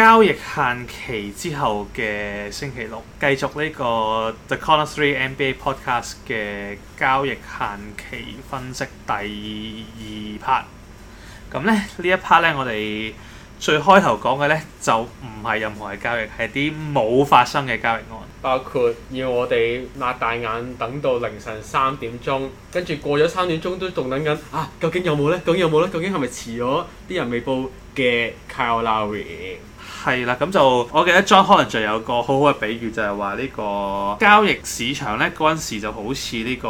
交易限期之後嘅星期六，繼續呢個 The Corner Three NBA Podcast 嘅交易限期分析第二 part。咁咧呢一 part 咧，我哋最開頭講嘅咧就唔係任何嘅交易，係啲冇發生嘅交易案，包括要我哋擘大眼等到凌晨三點鐘，跟住過咗三點鐘都仲等緊啊！究竟有冇咧？究竟有冇咧？究竟係咪遲咗啲人未報嘅 Lowry？係啦，咁就我記得 John 可能就有個好好嘅比喻，就係話呢個交易市場咧嗰陣時就好似呢個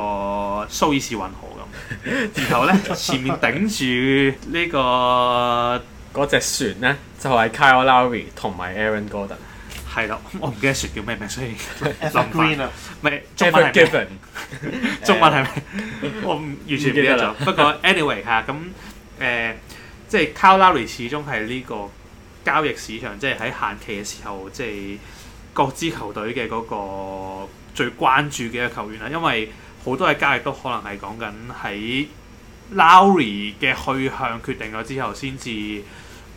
蘇伊士運河咁，然後咧前面頂住、這個、 呢個嗰隻船咧就係、是、Kyle Lowry 同埋 Aaron Gordon，係啦， 我唔記得船叫咩名，所以諗翻啦，唔係 Ever Given 中文係咩？我唔完全記得咗，不，不過 anyway 嚇咁誒、嗯，即係 Kyle Lowry 始終係呢個。交易市場即係喺限期嘅時候，即係各支球隊嘅嗰個最關注嘅一個球員啦，因為好多嘅交易都可能係講緊喺 Lowry 嘅去向決定咗之後，先至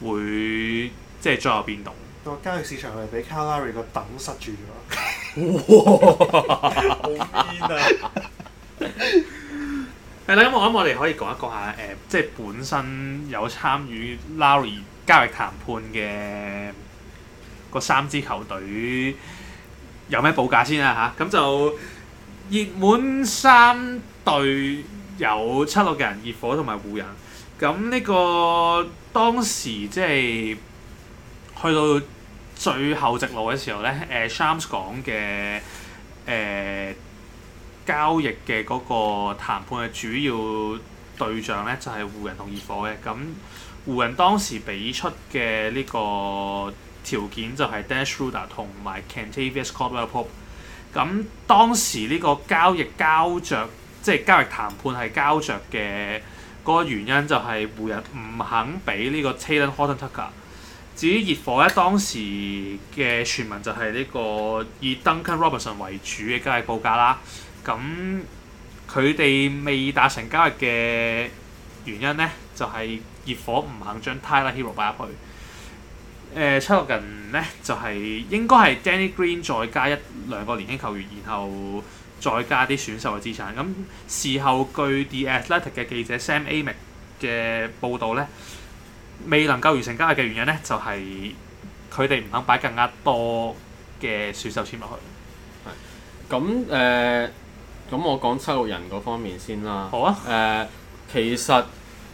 會即係最後變動。個交易市場係俾 Lowry 個等塞住咗。哇！好癲啊！誒， 咁、嗯嗯、我諗我哋可以講一講下，誒、呃，即係本身有參與 Lowry。交易談判嘅嗰三支球隊有咩報價先啊？吓，咁就熱門三隊有七六人、熱火同埋湖人。咁呢個當時即係去到最後直路嘅時候咧，誒、啊、Shams 講嘅誒、啊、交易嘅嗰個談判嘅主要。對象咧就係、是、湖人同熱火嘅，咁湖人當時俾出嘅呢個條件就係 Schroder 同埋 Kentavious Caldwell-Pope，咁當時呢個交易交着，即係交易談判係交着嘅，嗰、那個原因就係湖人唔肯俾呢個 Talen Horton-Tucker。至於熱火咧，當時嘅傳聞就係呢個以 Duncan Robinson 為主嘅交易報價啦，咁。佢哋未達成交易嘅原因呢，就係、是、熱火唔肯將 Tyler Hero 擺入去。誒、呃，七六人呢，就係、是、應該係 Danny Green 再加一兩個年輕球員，然後再加啲選秀嘅資產。咁、嗯、事後據 The Athletic 嘅記者 Sam Amick 嘅報導呢，未能夠完成交易嘅原因呢，就係佢哋唔肯擺更加多嘅選秀籤入去。係，咁、uh、誒。咁我講七六人嗰方面先啦。好啊。誒、呃，其實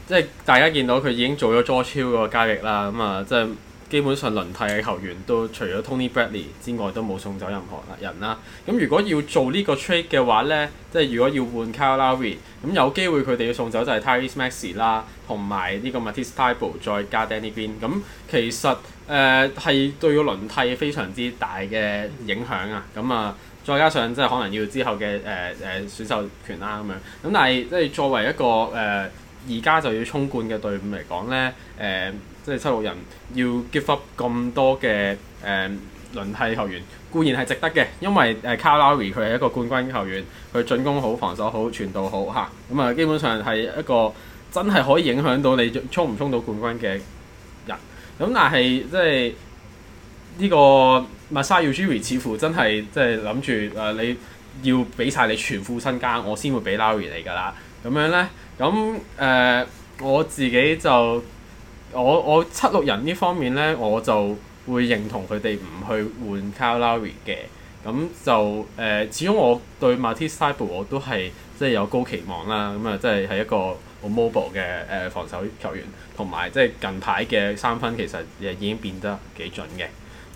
即係大家見到佢已經做咗 George Hill 嗰個交易啦。咁、嗯、啊，即、嗯、係、嗯、基本上輪替嘅球員都除咗 Tony Bradley 之外，都冇送走任何人啦。咁、嗯、如果要做呢個 trade 嘅話呢，即係如果要換 Kyle Lowry，咁、嗯、有機會佢哋要送走就係 Tyrese Maxey 啦，同埋呢個 Matisse Thybulle 再加 Danny Green，咁其實誒係、呃、對個輪替非常之大嘅影響啊。咁、嗯、啊～、嗯嗯再加上即係可能要之後嘅誒誒選秀權啦咁樣。咁但係即係作為一個誒而家就要衝冠嘅隊伍嚟講咧，誒、呃、即係七六人要 give up 咁多嘅誒輪替球員固然係值得嘅，因為誒 Kyle Lowry 佢係一個冠軍球員，佢進攻好、防守好、傳導好吓，咁啊、嗯、基本上係一個真係可以影響到你衝唔衝到冠軍嘅人。咁、嗯、但係即係呢、這個。Masai Ujiri 似乎真係即係諗住誒，你要俾晒你全副身家，我先會俾 Lowry 你㗎啦。咁樣咧，咁、嗯、誒、呃、我自己就我我七六人呢方面咧，我就會認同佢哋唔去換 Kyle Lowry 嘅。咁、嗯、就誒、呃，始終我對 Matisse Thybulle 我都係即係有高期望啦。咁啊，即係係一個好 mobile 嘅誒、呃、防守球員，同埋即係近排嘅三分其實亦已經變得幾準嘅。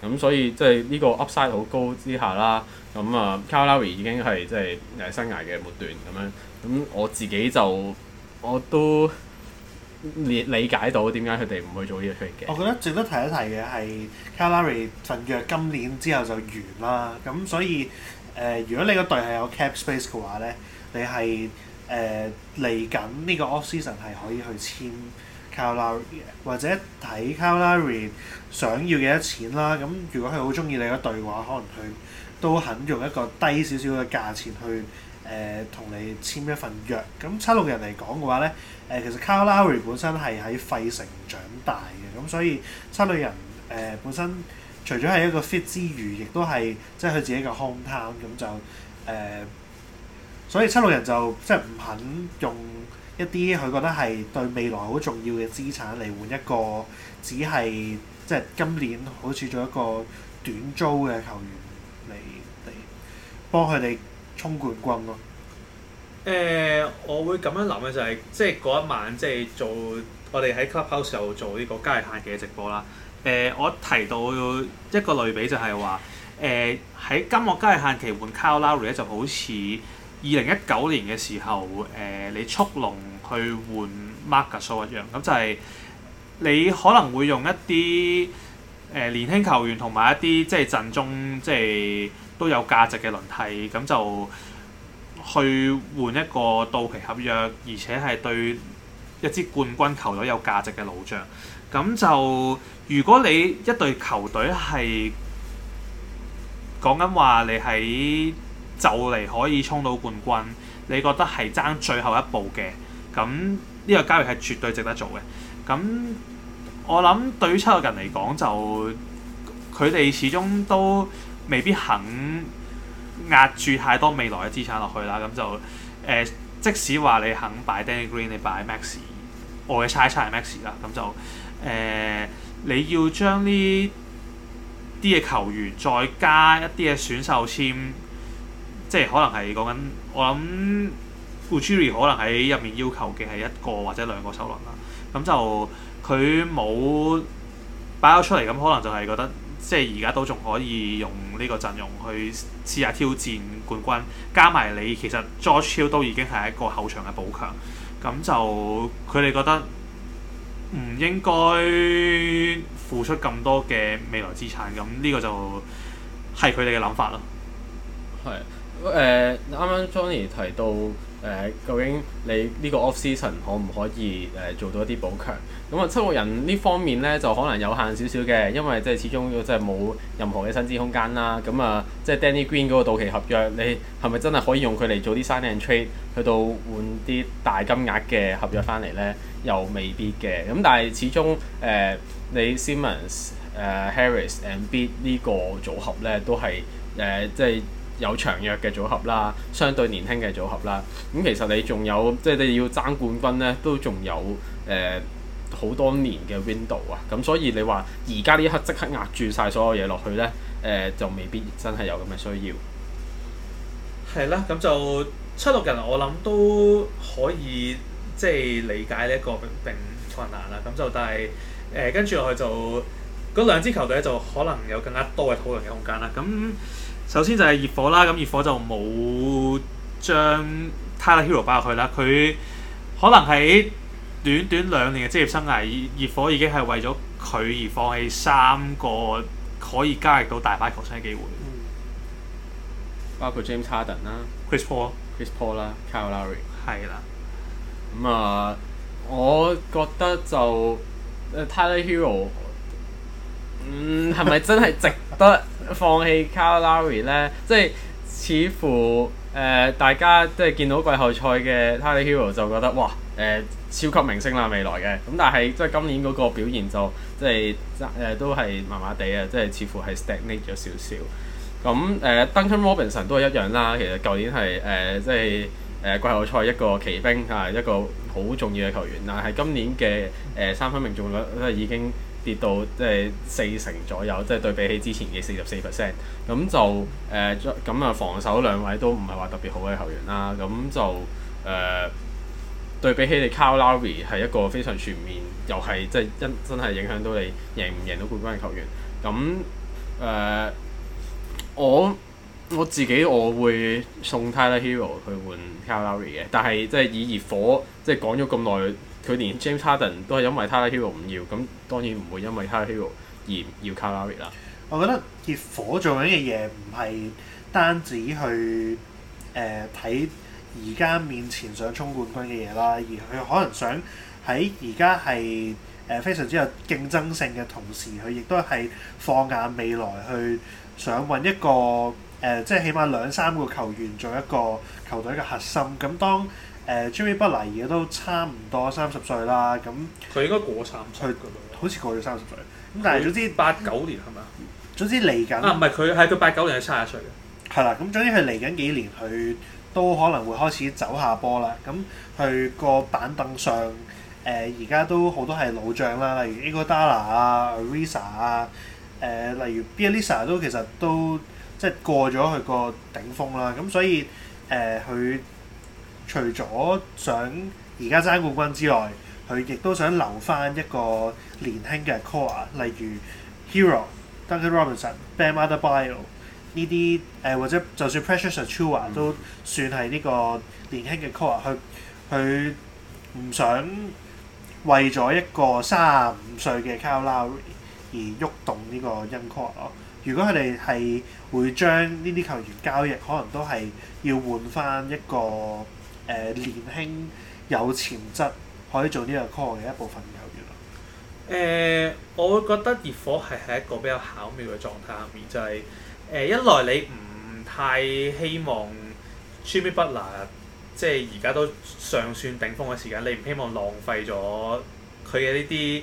咁、嗯、所以即係呢個 Upside 好高之下啦，咁啊 Kyle Lowry 已經係即係誒生涯嘅末段咁樣，咁、嗯、我自己就我都理解到點解佢哋唔去做呢樣嘢嘅。我覺得值得提一提嘅係 Kyle Lowry 份約今年之後就完啦，咁所以誒、呃，如果你個隊係有 Cap Space 嘅話咧，你係誒嚟緊呢個 off season 係可以去簽 Kyle Lowry 或者睇 Kyle Lowry。想要嘅一錢啦？咁如果佢好中意你嗰隊嘅話，可能佢都肯用一個低少少嘅價錢去誒同、呃、你簽一份約。咁七六人嚟講嘅話咧，誒、呃、其實 Kyle Lowry 本身係喺費城長大嘅，咁所以七六人誒、呃、本身除咗係一個 fit 之餘，亦都係即係佢自己嘅 home town，咁就誒、呃，所以七六人就即係唔肯用一啲佢覺得係對未來好重要嘅資產嚟換一個只係。即係今年好似做一個短租嘅球員嚟嚟幫佢哋衝冠軍咯。誒、呃，我會咁樣諗嘅就係即係嗰一晚，即、就、係、是、做我哋喺 Clubhouse 做呢個交易限期嘅直播啦。誒、呃，我提到一個類比就係話，誒、呃、喺今個交易限期換 Lowry 就好似二零一九年嘅時候，誒、呃、你速龍去換 Marc Gasol 一樣，咁就係、是。你可能會用一啲誒、呃、年輕球員同埋一啲即係陣中即係都有價值嘅輪替，咁就去換一個到期合約，而且係對一支冠軍球隊有價值嘅老將。咁就如果你一隊球隊係講緊話你喺就嚟可以衝到冠軍，你覺得係爭最後一步嘅，咁呢個交易係絕對值得做嘅。咁我諗對於七個人嚟講，就佢哋始終都未必肯壓住太多未來嘅資產落去啦。咁就誒、呃，即使話你肯擺 Danny Green，你擺 Maxi，我嘅猜猜係 Maxi 啦。咁就誒，你要將呢啲嘅球員再加一啲嘅選秀籤，即係可能係講緊，我諗 Ujiri 可能喺入面要求嘅係一個或者兩個首輪啦。咁就佢冇擺咗出嚟，咁可能就係覺得，即係而家都仲可以用呢個陣容去試下挑戰冠軍，加埋你其實 George Hill 都已經係一個後場嘅補強，咁就佢哋覺得唔應該付出咁多嘅未來資產，咁呢個就係佢哋嘅諗法咯。係，誒、呃、啱啱 Johnny 提到。誒、呃，究竟你呢個 offseason 可唔可以誒、呃、做到一啲補強？咁啊，七六人呢方面咧就可能有限少少嘅，因為即係始終真係冇任何嘅薪資空間啦。咁啊，即、就、係、是、Danny Green 嗰個到期合約，你係咪真係可以用佢嚟做啲 sign and trade 去到換啲大金額嘅合約翻嚟咧？又未必嘅。咁但係始終誒、呃，你 Simmons 誒、呃、Harris and Embiid 呢個組合咧都係誒即係，呃就是有長約嘅組合啦，相對年輕嘅組合啦，咁、嗯、其實你仲有，即係你要爭冠軍呢，都仲有誒好、呃、多年嘅 window 啊，咁、嗯、所以你話而家呢一刻即刻壓住晒所有嘢落去呢，誒、呃、就未必真係有咁嘅需要。係啦，咁就七六人我諗都可以即係、就是、理解呢一個並困難啦，咁就但係誒跟住落去就嗰兩支球隊就可能有更加多嘅討論嘅空間啦，咁。首先就係熱火啦，咁熱火就冇將 Tyler Herro 擺入去啦。佢可能喺短短兩年嘅職業生涯，熱火已經係為咗佢而放棄三個可以加入到大牌球星嘅機會。包括 James Harden 啦，Chris Paul，Chris Paul 啦，Kyle Lowry。係啦。咁啊，我覺得就誒 Tyler Herro。 嗯，係咪真係值得放棄 Kyle Lowry 咧？即、就、係、是、似乎誒、呃，大家即係見到季後賽嘅 Tyler Herro 就覺得哇誒，呃、超級明星啦，未來嘅。咁但係即係今年嗰個表現就即係誒都係麻麻地啊，即、就、係、是、似乎係 stagnate 咗少少。咁誒、呃、，Duncan Robinson 都係一樣啦。其實舊年係誒即係誒季後賽一個奇兵啊、呃，一個好重要嘅球員。但係今年嘅誒、呃、三分命中率都係已經。跌到即係四成左右，即係對比起之前嘅四十四 percent，咁就誒咁啊，防守兩位都唔係話特別好嘅球員啦，咁就誒、呃、對比起你 Kyle Lowry 係一個非常全面，又係即係真真係影響到你贏唔贏到冠軍嘅球員，咁誒、呃、我我自己我會送 Tyler Herro 去換 Kyle Lowry 嘅，但係即係以熱火即係講咗咁耐。就是佢連 James Harden 都係因為 Tyler Herro 唔要，咁當然唔會因為 Tyler Herro 而要 Kyrie 啦。我覺得熱火做緊嘅嘢唔係單止去誒睇而家面前想衝冠軍嘅嘢啦，而佢可能想喺而家係誒非常之有競爭性嘅同時，佢亦都係放眼未來去想揾一個誒、呃，即係起碼兩三個球員做一個球隊嘅核心。咁當誒最尾不而家都差唔多三十歲啦，咁佢應該過三十，佢好似過咗三十歲。咁但係總之八九年係咪啊？總之嚟緊啊！唔係佢係到八九年係卅歲嘅。係啦，咁總之佢嚟緊幾年，佢都可能會開始走下坡啦。咁佢個板凳上，誒而家都好多係老將啦，例如 Eugenia 啊、呃、r i s a 啊、誒例如 b i a n s a 都其實都即係過咗佢個頂峰啦。咁所以誒佢。呃除咗想而家爭冠軍之外，佢亦都想留翻一個年輕嘅 core，例如 Hero、Duncan Robinson、Bam Adebayo 呢啲誒，或者就算 Precious Achiuwa 都算係呢個年輕嘅 core。佢佢唔想為咗一個三十五歲嘅 Kyle Lowry 而喐動呢個音 core 咯。如果佢哋係會將呢啲球員交易，可能都係要換翻一個。誒年輕有潛質可以做呢個 call 嘅一部分嘅球員咯。誒，uh, 我會覺得熱火係係一個比較巧妙嘅狀態，入面，就係、是、誒、uh, 一來你唔太希望 Jimmy Butler 即係而家都尚算頂峰嘅時間，你唔希望浪費咗佢嘅呢啲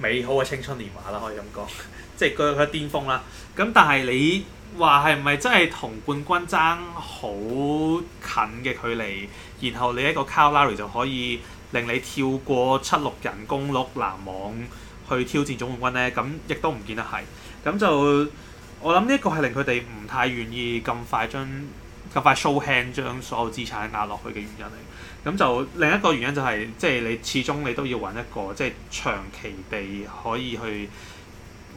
美好嘅青春年華啦，可以咁講，即係佢佢嘅巔峯啦。咁但係你，話係唔係真係同冠軍爭好近嘅距離，然後你一個 Kyle Lowry 就可以令你跳過七六人、公鹿、籃網去挑戰總冠軍呢？咁亦都唔見得係。咁就我諗呢一個係令佢哋唔太願意咁快將咁快 show hand 將所有資產押落去嘅原因嚟。咁就另一個原因就係、是，即係你始終你都要揾一個即係長期地可以去。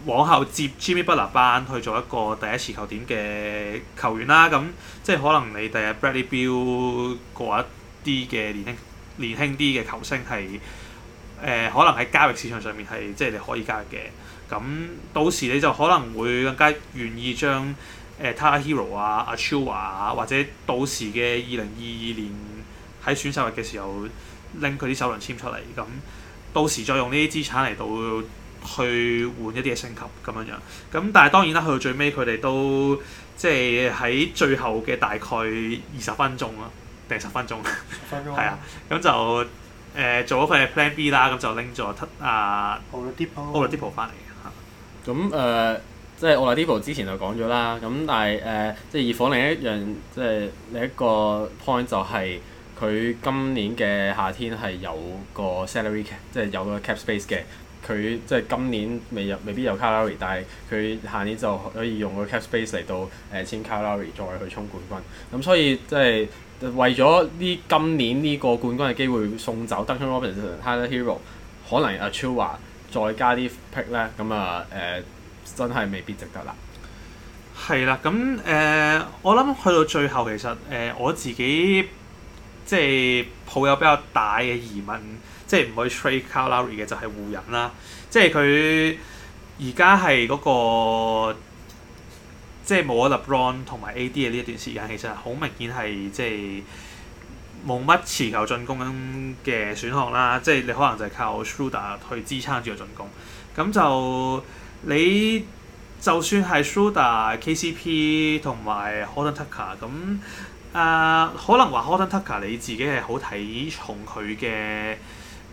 往後接 Jimmy Butler 班去做一個第一次球點嘅球員啦，咁即係可能你第日 Bradley Beal 嗰一啲嘅年輕年輕啲嘅球星係誒、呃、可能喺交易市場上面係即係你可以交易嘅，咁到時你就可能會更加願意將誒、呃、Tyler Herro 啊阿 Chiuwa 啊或者到時嘅二零二二年喺選秀日嘅時候拎佢啲首輪籤出嚟，咁到時再用呢啲資產嚟到。去換一啲嘅升級咁樣樣咁，但係當然啦，去到最尾佢哋都即係喺最後嘅大概二十分鐘咯，定十分鐘，係啊，咁 就誒、呃、做咗佢嘅 Plan B 啦，咁、嗯、就拎咗啊，Oladipo，Oladipo 翻嚟嚇。咁誒、啊呃、即係 Oladipo 之前就講咗啦，咁但係誒、呃、即係熱火另一樣即係、就是、另一個 point 就係、是、佢今年嘅夏天係有個 salary 即係有個 cap space 嘅。佢即係今年未入，未必有 Kyrie，但係佢下年就可以用個 Cap Space 嚟到誒、呃、簽 Kyrie，再去衝冠軍。咁所以即係為咗呢今年呢個冠軍嘅機會，送走 Duncan Robinson、Tyler Herro，可能阿 Chua 再加啲 Pick 咧，咁啊誒，真係未必值得啦。係啦，咁誒、呃，我諗去到最後，其實誒、呃、我自己即係抱有比較大嘅疑問。即係唔可以 trade Lowry 嘅就係、是、湖人啦。即係佢而家係嗰個即係冇咗勒布朗同埋 A.D. 嘅呢一段時間，其實好明顯係即係冇乜持球進攻嘅選項啦。即係你可能就係靠 Schröder 去支撐住個進攻，咁就你就算係 Schröder KCP 同埋 Horton Tucker 咁啊、呃，可能話 Horton Tucker 你自己係好睇重佢嘅。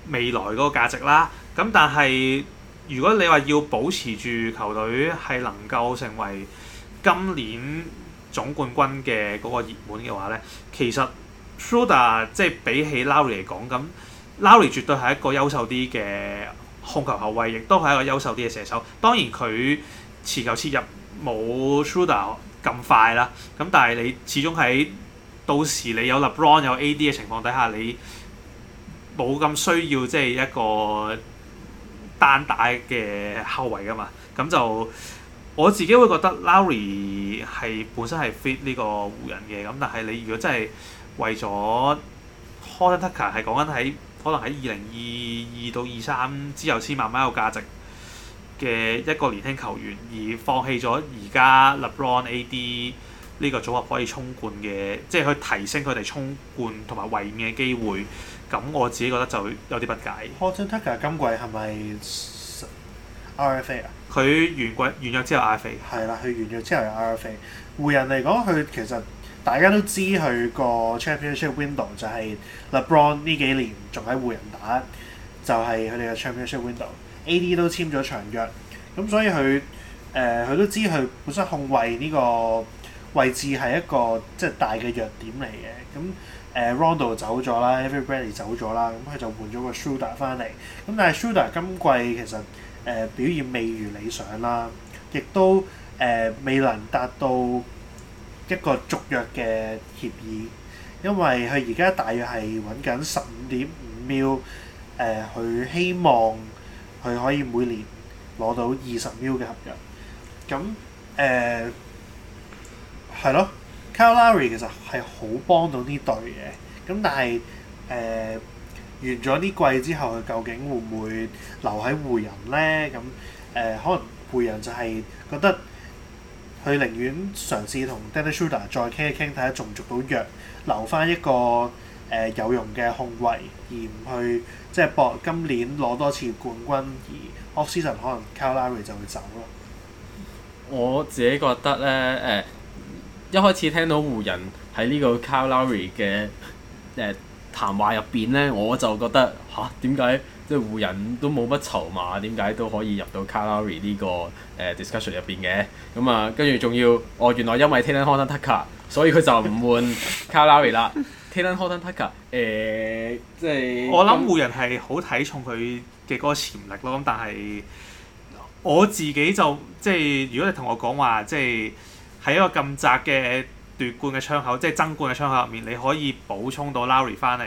未來嗰個價值啦，咁但係如果你話要保持住球隊係能夠成為今年總冠軍嘅嗰個熱門嘅話呢，其實 Schröder 即係比起 Lowry 嚟講，咁 Lowry 絕對係一個優秀啲嘅控球後衛，亦都係一個優秀啲嘅射手。當然佢持球切入冇 Schröder 咁快啦，咁但係你始終喺到時你有 LeBron 有 AD 嘅情況底下，你冇咁需要即係一個單打嘅後衛啊嘛，咁就我自己會覺得 Lowry 係本身係 fit 呢個湖人嘅，咁但係你如果真係為咗 Horton-Tucker 係講緊喺可能喺二零二二到二三只有千萬蚊個價值嘅一個年輕球員而放棄咗而家 LeBron AD 呢個組合可以衝冠嘅，即係去提升佢哋衝冠同埋衛冕嘅機會。咁我自己覺得就有啲不解。Horton Tucker，今季係咪 RFA 啊？佢完季完約之後 RFA。係啦，佢完約之後有 RFA。湖人嚟講，佢其實大家都知佢個 championship window 就係 LeBron 呢幾年仲喺湖人打，就係佢哋嘅 championship window。AD 都簽咗長約，咁所以佢誒佢都知佢本身控衞呢個位置係一個即係、就是、大嘅弱點嚟嘅，咁。誒 Rondo 走咗啦，Avery Bradley 走咗啦，咁佢就換咗個 Schröder 翻嚟。咁但係 Schröder 今季其實誒、呃、表現未如理想啦，亦都誒、呃、未能達到一個續約嘅協議，因為佢而家大約係揾緊十五點五秒，誒佢希望佢可以每年攞到二十秒嘅合約。咁誒係咯。呃 Lowry 其實係好幫到呢隊嘅，咁但係誒、呃、完咗呢季之後，佢究竟會唔會留喺湖人呢？咁誒、呃、可能湖人就係覺得佢寧願嘗試同 Dennis Schröder 再傾一傾，睇下續唔續到約，留翻一個誒、呃、有用嘅控衞，而唔去即係博今年攞多次冠軍，而 offseason 可能 Lowry 就會走咯。我自己覺得咧，誒、哎。一開始聽到湖人喺呢個 Kyle Lowry 嘅誒、呃、談話入邊咧，我就覺得吓，點解即係湖人都冇乜籌碼，點解都可以入到 Kyle Lowry、這個呃、呢個誒 discussion 入邊嘅？咁啊，跟住仲要哦，原來因為 Talen Horton-Tucker 所以佢就唔換 Kyle Lowry 啦。Talen Horton-Tucker 即係我諗湖人係好睇重佢嘅嗰個潛力咯。咁但係我自己就即係、就是、如果你同我講話即係。就是喺一個咁窄嘅奪冠嘅窗口，即係爭冠嘅窗口入面，你可以補充到 Lowry 翻嚟。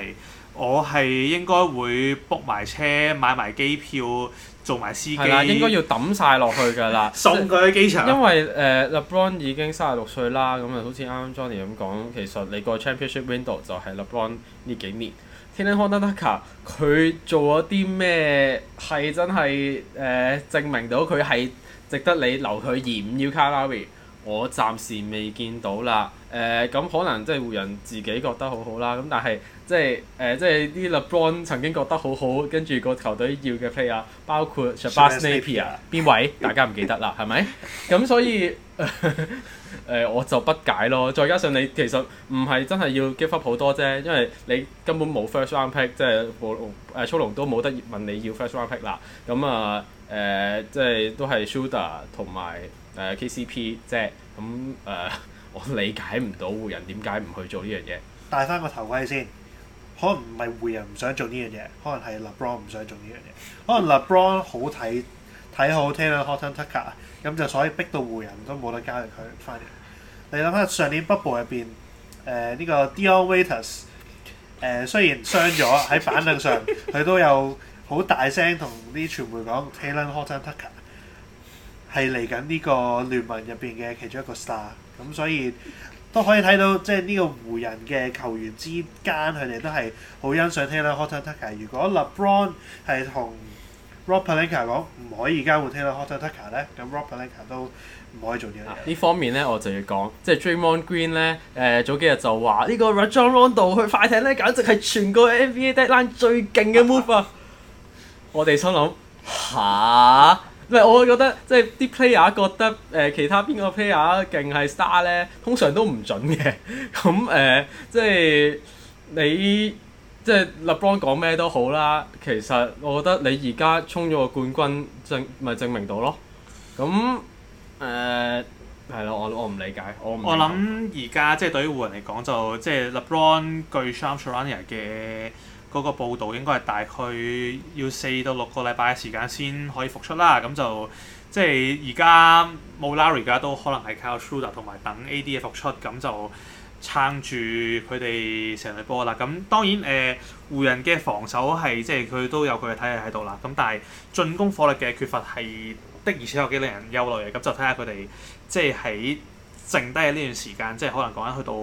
我係應該會 book 埋車、買埋機票、做埋司機。係啦，應該要抌晒落去㗎啦， 送佢去機場。因為誒、呃、LeBron 已經三十六歲啦，咁啊，好似啱啱 Johnny 咁講，其實你個 Championship Window 就係 LeBron 呢幾年。Talen Horton-Tucker 佢做咗啲咩係真係誒、呃、證明到佢係值得你留佢而唔要卡 Lowry？我暫時未見到啦，誒、呃、咁、嗯、可能即係湖人自己覺得好好啦，咁但係即係誒、呃、即係啲 LeBron 曾經覺得好好，跟住個球隊要嘅 player 包括 Shabazz Napier，邊位 大家唔記得啦，係咪？咁、嗯、所以誒、呃呃、我就不解咯，再加上你其實唔係真係要 give up 好多啫，因為你根本冇 first round pick，即係沃隆誒粗龍都冇得問你要 first round pick 啦，咁啊誒即係都係 Shooter 同埋，誒、uh, KCP 即係咁誒，嗯 uh, 我理解唔到湖人點解唔去做呢樣嘢。戴翻個頭盔先，可能唔係湖人唔想做呢樣嘢，可能係 LeBron 唔想做呢樣嘢。可能 LeBron 好睇睇好 Talen Horton Tucker 啊，咁就所以逼到湖人，都冇得加入佢翻嚟。你諗下上年 Bubble 入邊，誒、呃、呢、這個 Dion Waiters 誒、呃、雖然傷咗喺板凳上，佢都有好大聲同啲傳媒講 Talen Horton Tucker。係嚟緊呢個聯盟入邊嘅其中一個 star，咁所以都可以睇到，即係呢個湖人嘅球員之間，佢哋都係好欣賞聽到 Horton-Tucker，如果 LeBron 係同 Rob Pelinka 講、er、唔可以交換聽到 Horton-Tucker 咧，咁 Rob Pelinka、er、都唔可以做嘢。啦、啊。呢方面咧，我就要講，即係 Draymond Green 咧，誒、呃、早幾日就話呢、這個 Rajon Rondo 度去快艇咧，簡直係全個 NBA deadline 最勁嘅 move 啊！ 我哋心諗嚇～唔係，我覺得即係啲 player 覺得誒、呃、其他邊個 player 勁係 star 咧，通常都唔準嘅。咁 誒、嗯呃，即係你即係 LeBron 講咩都好啦。其實我覺得你而家衝咗個冠軍證，證咪證明到咯。咁誒係咯，我我唔理解。我唔理解我諗而家即係對於湖人嚟講，就即係、就是、LeBron 據 Shams Charania 嘅。嗰個報導應該係大概要四到六個禮拜嘅時間先可以復出啦，咁就即係而家冇 LeBron 而家都可能係靠 Schröder 同埋等 AD 嘅復出，咁就撐住佢哋成隊波啦。咁當然誒，湖、呃、人嘅防守係即係佢都有佢嘅體系喺度啦，咁但係進攻火力嘅缺乏係的而且有幾令人憂慮嘅。咁就睇下佢哋即係喺剩低嘅呢段時間，即係可能講緊去到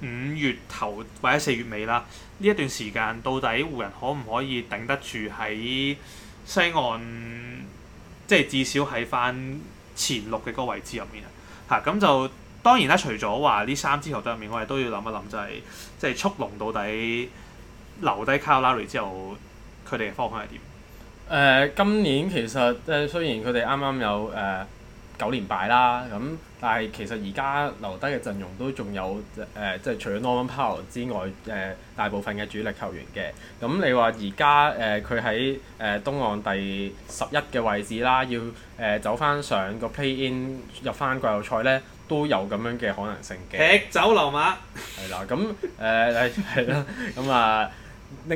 五月頭或者四月尾啦。呢一段時間到底湖人可唔可以頂得住喺西岸？即係至少喺翻前六嘅嗰個位置入面啊！嚇咁就當然啦，除咗話呢三支球隊入面，我哋都要諗一諗，就係，就係即係速龍到底留低 Kyle Lowry 之後，佢哋嘅方向係點？誒、呃，今年其實誒、呃、雖然佢哋啱啱有誒、呃、九連敗啦，咁。但係其實而家留低嘅陣容都仲有誒、呃，即係除咗 Norman Powell 之外，誒、呃、大部分嘅主力球員嘅。咁、嗯、你話而家誒佢喺誒東岸第十一嘅位置啦，要誒、呃、走翻上個 Play In 入翻季後賽咧，都有咁樣嘅可能性嘅。踢走劉馬。係啦，咁誒係啦，咁啊、呃、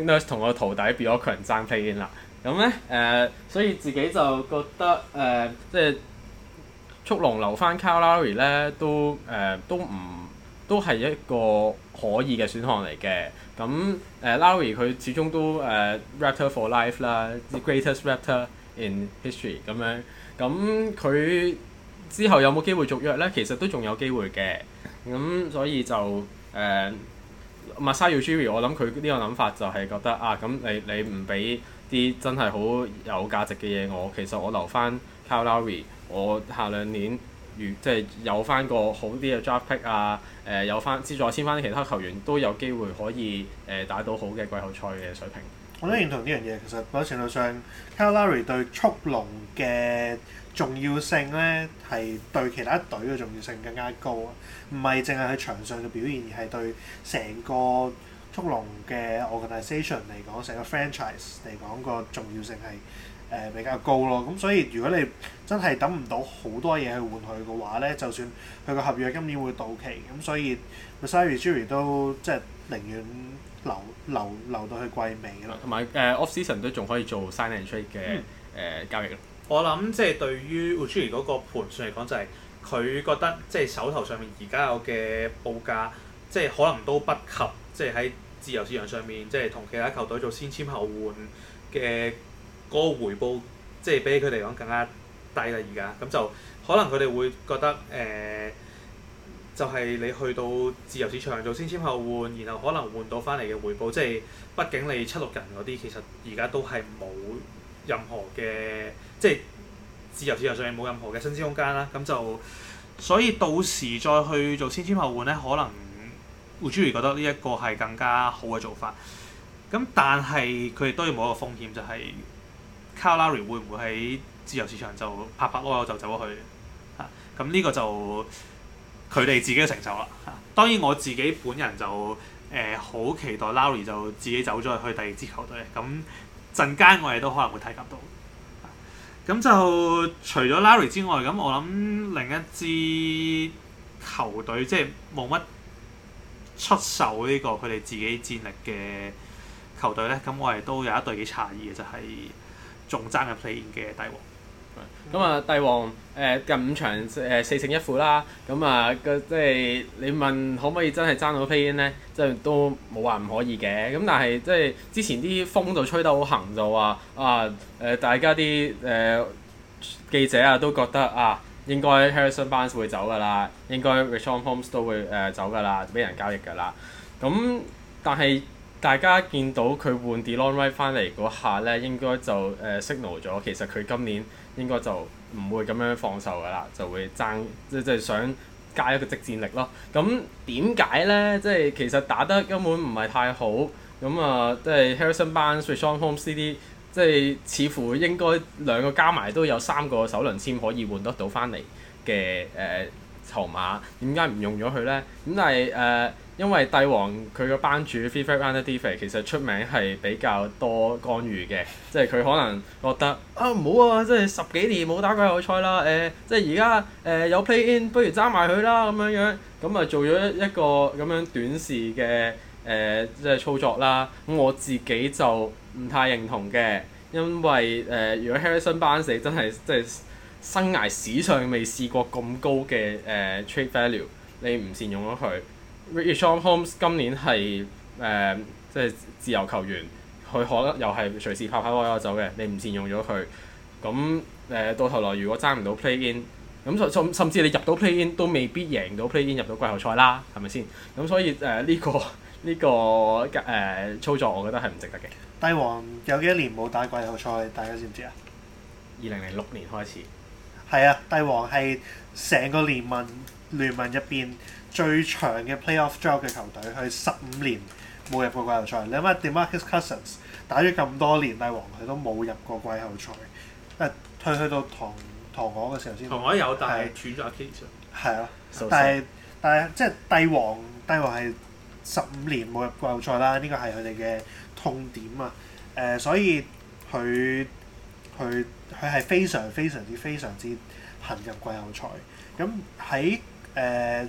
Nick Nurse 同個徒弟 Bjorkgren 爭 Play In 啦。咁咧誒，所以自己就覺得誒、呃，即係。速龍留翻 Kyle Lowry 咧，都誒、呃、都唔都係一個可以嘅選項嚟嘅。咁 Lowry 佢始終都誒、呃、Raptor for life 啦，the greatest Raptor in history 咁樣。咁佢之後有冇機會續約咧？其實都仲有機會嘅。咁所以就誒 Masai Ujiri 我諗佢呢個諗法就係覺得啊，咁你你唔俾啲真係好有價值嘅嘢我，其實我留翻 Kyle Lowry 我下兩年如即係有翻個好啲嘅 draft pick 啊，誒、呃、有翻資助簽翻其他球員，都有機會可以誒、呃、打到好嘅季後賽嘅水平。我都認同呢樣嘢，其實某程度上 Kyle Lowry 對速龍嘅重要性咧，係對其他隊嘅重要性更加高啊！唔係淨係喺場上嘅表現，而係對成個速龍嘅 organisation 嚟講，成個 franchise 嚟講個重要性係誒、呃、比較高咯，咁、嗯、所以如果你真係等唔到好多嘢去換佢嘅話咧，就算佢個合約今年會到期，咁、嗯、所以 Masai Ujiri 都即係寧願留留留到佢季尾咯。同埋誒 Option 都仲可以做 sign and trade 嘅誒交易。我諗即係對於 Ujiri 嗰個盤算嚟講、就是，就係佢覺得即係手頭上面而家有嘅報價，即係可能都不及即係喺自由市場上面，即係同其他球隊做先簽後換嘅。個回報即係比佢哋講更加低啦，而家咁就可能佢哋會覺得誒、呃，就係、是、你去到自由市場做先簽後換，然後可能換到翻嚟嘅回報，即係畢竟你七六人嗰啲其實而家都係冇任何嘅即係自由市場上面冇任何嘅薪資空間啦。咁就所以到時再去做先簽後換咧，可能會主要覺得呢一個係更加好嘅做法。咁但係佢哋都要冇一個風險，就係、是。Lowry 會唔會喺自由市場就拍拍落就走咗去咁呢、啊這個就佢哋自己嘅成就啦、啊。當然我自己本人就誒好、呃、期待 Lowry 就自己走咗去第二支球隊。咁陣間我哋都可能會提及到。咁、啊啊、就除咗 Lowry 之外，咁我諗另一支球隊即係冇乜出售呢個佢哋自己戰力嘅球隊呢，咁我哋都有一隊幾詫異嘅就係、是。仲爭入飛燕嘅帝王，咁啊帝王誒、呃、近五場誒、呃、四勝一負啦，咁啊個即係你問可唔可以真係爭到飛呢？即係都冇話唔可以嘅，咁但係即係之前啲風就吹得好橫，就話啊誒、呃、大家啲誒、呃、記者啊都覺得啊應該 Harrison Barnes 會走㗎啦，應該 Richaun Holmes 都會誒、呃、走㗎啦，俾人交易㗎啦，咁但係。大家見到佢換 Delon Wright 翻嚟嗰下呢，應該就誒 signal 咗。其實佢今年應該就唔會咁樣放手㗎啦，就會爭即係想加一個即戰力咯。咁點解呢？即係其實打得根本唔係太好。咁啊，即係 Harrison Barnes、Richaun Holmes 呢啲，即係似乎應該兩個加埋都有三個首輪籤可以換得到翻嚟嘅誒籌碼。點解唔用咗佢呢？咁但係誒。呃因為帝王佢個班主 t h r e f i e n e one d five 其實出名係比較多干預嘅，即係佢可能覺得啊唔好啊，即係十幾年冇打過季後賽啦。誒、呃，即係而家誒有 play in，不如揸埋佢啦咁樣樣咁啊，做咗一個咁樣短視嘅誒即係操作啦。咁我自己就唔太認同嘅，因為誒、呃、如果 Harrison Barnes 真係即係生涯史上未試過咁高嘅誒、呃、trade value，你唔善用咗佢。Richaun Holmes 今年係誒，即、呃、係、呃、自由球員，佢可又係隨時拍拍我走嘅。你唔善用咗佢，咁誒、呃、到頭來如果爭唔到 play in，咁甚甚至你入到 play in 都未必贏到 play in 入到季後賽啦，係咪先？咁所以誒呢、呃這個呢、這個誒、呃、操作，我覺得係唔值得嘅。帝王有幾多年冇打季後賽？大家知唔知啊？二零零六年開始。係啊，帝王係成個聯盟聯盟入邊。最長嘅 Playoff drought 嘅球隊，佢十五年冇入過季後賽。你諗下，Demarcus Cousins 打咗咁多年帝王，佢都冇入過季後賽。誒、呃，佢去到塘塘鵝嘅時候先。塘鵝有，但係斷咗 c a 係咯，但係但係即係帝王，帝王係十五年冇入季後賽啦。呢個係佢哋嘅痛點啊。誒、呃，所以佢佢佢係非常非常之非常之行入季後賽。咁喺誒。呃